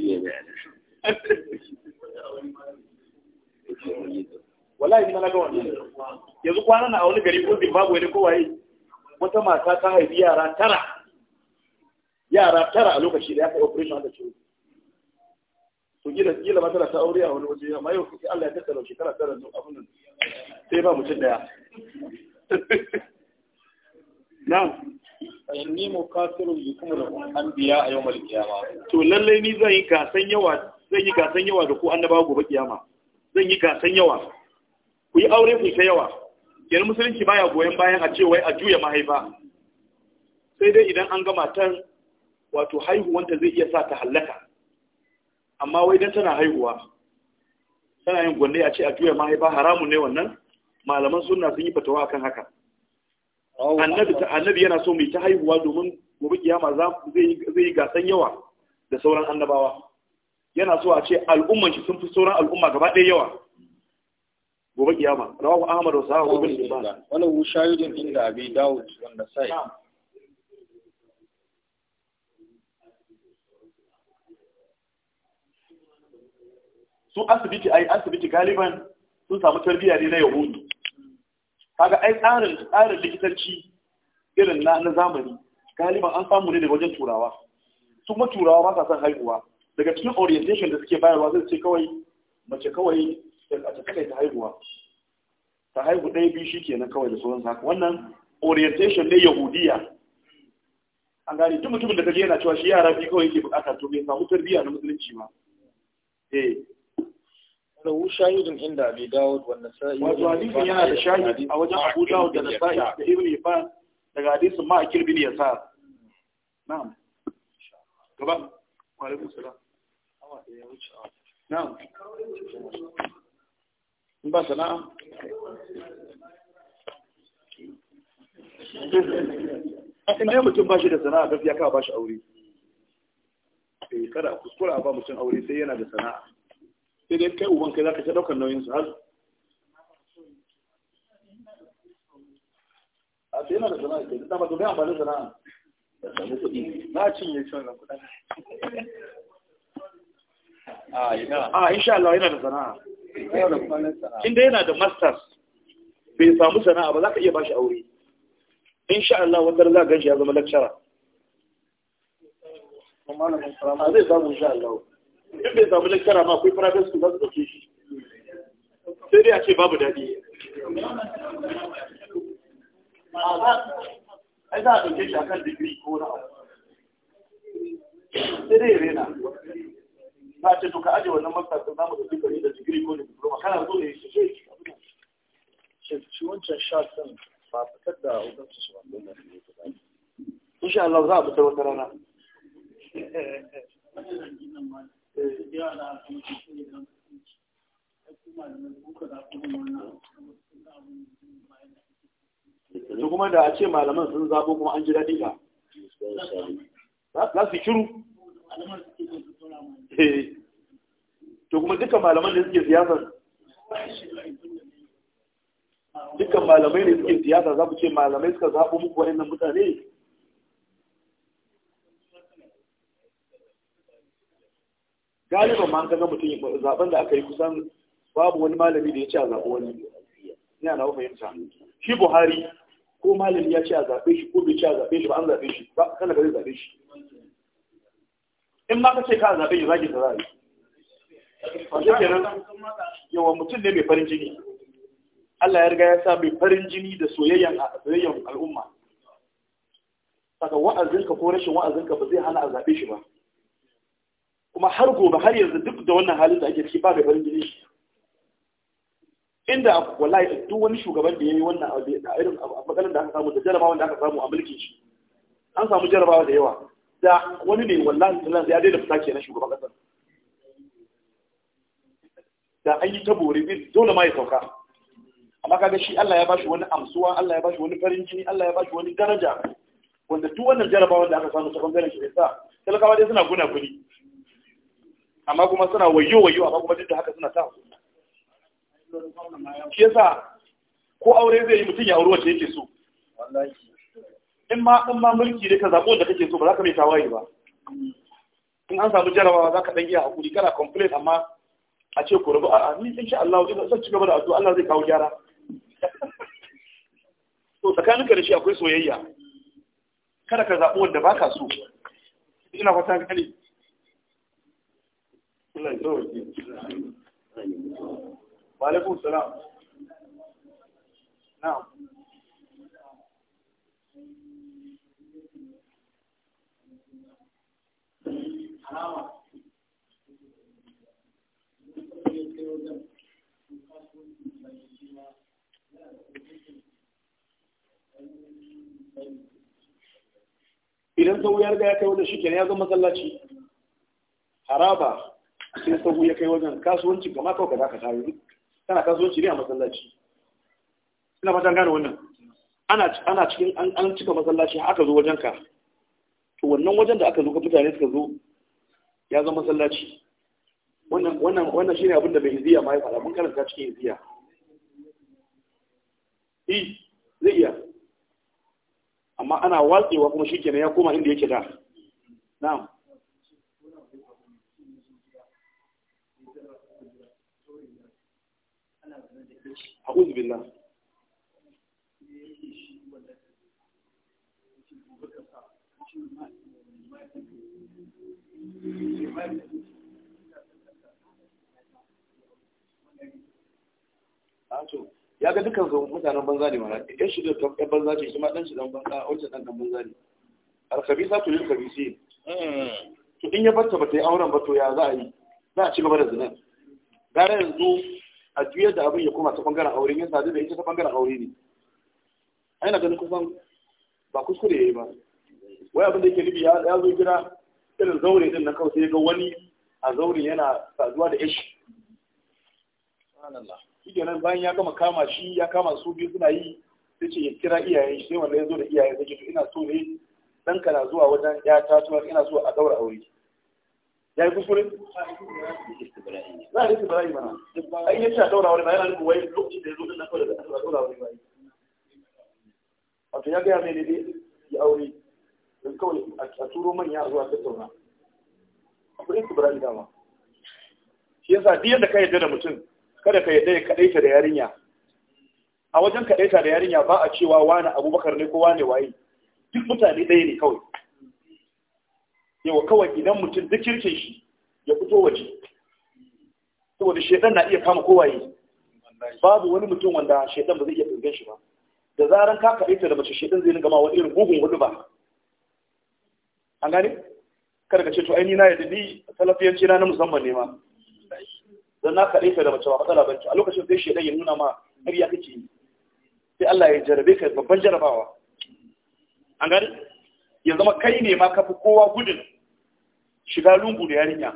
Speaker 1: wallahi ina ga wannan yanzu kwana na a wani gari ko Zimbabwe ne ko waye wata mata ta haifi yara tara yara tara a lokaci da ya kai operation da ciro to kila kila ma tana ta aure a wani waje amma yau sai Allah ya shi shekara tsara zuwa abin nan sai ba mutum daya na'am inni mukasirun bikum anbiya a yawmal qiyama to lalle ni zan yi gasan yawa zan yi gasan yawa da ku annabawa gobe kiyama zan yi gasan yawa ku yi aure ku ta yawa yanzu musulunci baya goyon bayan a ce wai a juya mahaifa sai dai idan an ga matan wato haihuwanta zai iya sa ta hallaka amma wai dan tana haihuwa tana yin gwanne a ce a juya mahaifa haramun ne wannan malaman sunna sun yi fatawa akan haka annabi yana so mai ta haihuwa domin gobe kiyama zai yi gasan yawa da sauran annabawa yana so a ce al'umman shi sun fi sauran al'umma gaba ɗaya yawa gobe kiyama rawahu ahmad wa sahabu ibn hibban wala shahidun inda abi daud wanda sai su asibiti ai asibiti galiban sun samu tarbiyya ne na yahudu kaga ai tsarin tsarin likitanci irin na na zamani galiban an samu ne daga wajen turawa su ma turawa ba sa son haihuwa daga cikin orientation da suke bayarwa zai ce kawai mace kawai a ta kai ta haihuwa ta haihu ɗaya biyu shi kenan kawai da sauran haka wannan orientation ne yahudiya an gane duk mutumin da kaje yana cewa shi yara biyu kawai yake bukata to bai samu tarbiyya na musulunci ba eh lahu shahidun inda bai dawo abi dawud wa nasa'i wato hadisin yana da shahidi a wajen abu dawud da nasa'i da ibn hibban daga hadisin ma'akil ya sa na'am gaba wa alaikum salam na'am in ba sana'a in dai mutum ba shi da sana'a gaskiya ka ba shi aure eh, kada kuskura ba mutum aure sai yana da sana'a تريد كي وان كذا كذا لو كان لو ينزل أدينا رزقنا إذا إن شاء الله إن شاء الله إن شاء الله إن شاء الله in bai zaɓi lakcara ma akwai private school za su ɗauke shi sai dai a ce babu daɗi A za a ɗauke shi a kan digiri ko na sai dai rena za a ce to ka aje wannan masta sun zamu ɗauki gari da digiri ko da diploma kana so ne shi shi shi wancan sha ɗin ba fitar da ya hukunci shi ba? insha Allah za a fitar wata rana
Speaker 2: da
Speaker 1: kuma da a ce malaman sun zaɓo kuma an ji daɗi ba za su shiru eh. to kuma dukkan malaman da suke siyasar dukkan malamai ne suke siyasa za ku ce malamai suka zaɓo muku nan mutane galiban ma an kaga mutum zaben da aka yi kusan babu wani malami da ya ce a zaɓi wani a na fahimta shi buhari ko malami ya ce a zaɓe shi ko bai ce a zaɓe shi ba an zaɓe shi ba kana gari zaɓe shi in ma ka ce ka zaɓe shi zaki tsara yi wace kenan yawa mutum ne mai farin jini Allah ya riga ya sa mai farin jini da soyayyan al'umma saka wa'azinka ko rashin wa'azinka ba zai hana a zaɓe shi ba kuma har gobe har yanzu duk da wannan halin da ake ciki ba da farin shi inda wallahi duk wani shugaban da yayi wannan abu da irin matsalar da aka samu da jarabawa da aka samu a mulkin shi an samu jarabawa da yawa da wani ne wallahi sallan ya daina fita kenan shugaban kasar da an yi ta bore bin dole ma ya sauka amma kaga shi Allah ya bashi wani amsuwa Allah ya bashi wani farin jini Allah ya bashi wani daraja wanda duk wannan jarabawan da aka samu ta bangaren shi sa talakawa dai suna guna guni amma kuma suna wayo wayo amma kuma duk da haka suna ta hakuri shi yasa ko aure zai yi mutum ya auri wacce yake so in ma in ma mulki ne ka zaɓi wanda kake so ba za ka mai tawaye ba in an samu jarabawa za ka ɗan iya hakuri kana complain amma a ce ku rabu a ni in sha Allah zan ci gaba da addu'a Allah zai kawo gyara to ka da shi akwai soyayya kada ka zaɓi wanda baka so ina fata ka ne Idan sauya da ya kai wadda shi ya zama matsalaci, haraba sai sahu ya kai wajen kasuwanci kama kawai ka za ka tayo tana kasuwanci ne a masallaci ina fatan gane wannan ana cikin an cika masallaci aka zo wajen ka to wannan wajen da aka zo ka mutane suka zo ya zama masallaci wannan wannan wannan shine abin da bai hiziya ma ya fara mun karanta cikin hiziya eh zai iya amma ana watsewa kuma shikenan ya koma inda yake da na'am ya ga dukkan zuwa mutanen banza ne mana ya shiga ta banza ce shi ma dan shi dan banza wancan dan dan banza ne alkhabisa to lil khabisi hmm. to in ya bata ba ta yi auren ba to ya za a yi za a ci gaba da zinan gara yanzu a juya da abin ya koma ta bangaren aure yin sadu da ita ta bangaren aure ne A na ganin kusan ba kuskure ya yi ba wai abin da yake nufi ya zo gida irin zaure din na kawai sai ga wani a zaure yana saduwa da ishi shi nan bayan ya gama kama shi ya kama su biyu suna yi sai ce ya kira iyayen shi sai wanda ya zo da iyayen sai ce ina so ne ɗanka na zuwa wajen ya tatuwa ina so a daura aure ya yi kuskure? za a rikin bala'i mana ai ya sha daura wani bayan rikin wai lokacin da ya zo na kawai da daura wani bayan wato ya gaya mai ne dai ya aure don kawai a turo manya a zuwa tattauna akwai rikin bala'i dama shi yasa duk yadda ka yadda da mutum kada ka yadda ya kaɗaita da yarinya a wajen kaɗaita da yarinya ba a cewa wani abubakar ne ko wani waye duk mutane ɗaya ne kawai yawa kawai idan mutum duk kirkin shi ya fito waje saboda shaidan na iya kama kowaye babu wani mutum wanda shaidan ba zai iya tsirgan shi ba da zaran ka kaɗai ta da mace shaidan zai gama wani irin bugun hudu ba an gane kada ka ce to aini na yadda ni salafiyanci na na musamman ne ma dan na kaɗai ta da mace ba matsala ba a lokacin sai shaidan ya nuna ma ƙarya kake yi sai Allah ya jarabe ka babban jarabawa an gane ya zama kai ne ma kafi kowa gudun shiga lungu da yarinya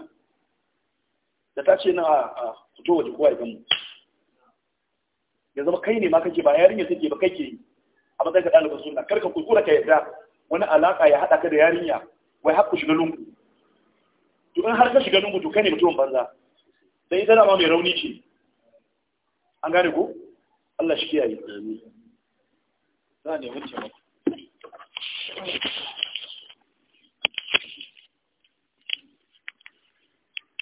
Speaker 1: da ta ce na a fito waje kowa idan mu ya zama kai ne ma kake ba yarinya take ba kake yi a matsayin ka ɗalibin suna kar ka kuskura ka yarda wani alaka ya haɗa ka da yarinya wai haƙƙu shiga lungu to in har ka shiga lungu to kai ne mutumin banza sai ita dama mai rauni ce an gane ko Allah shi kiyaye amin za a nemi cewa.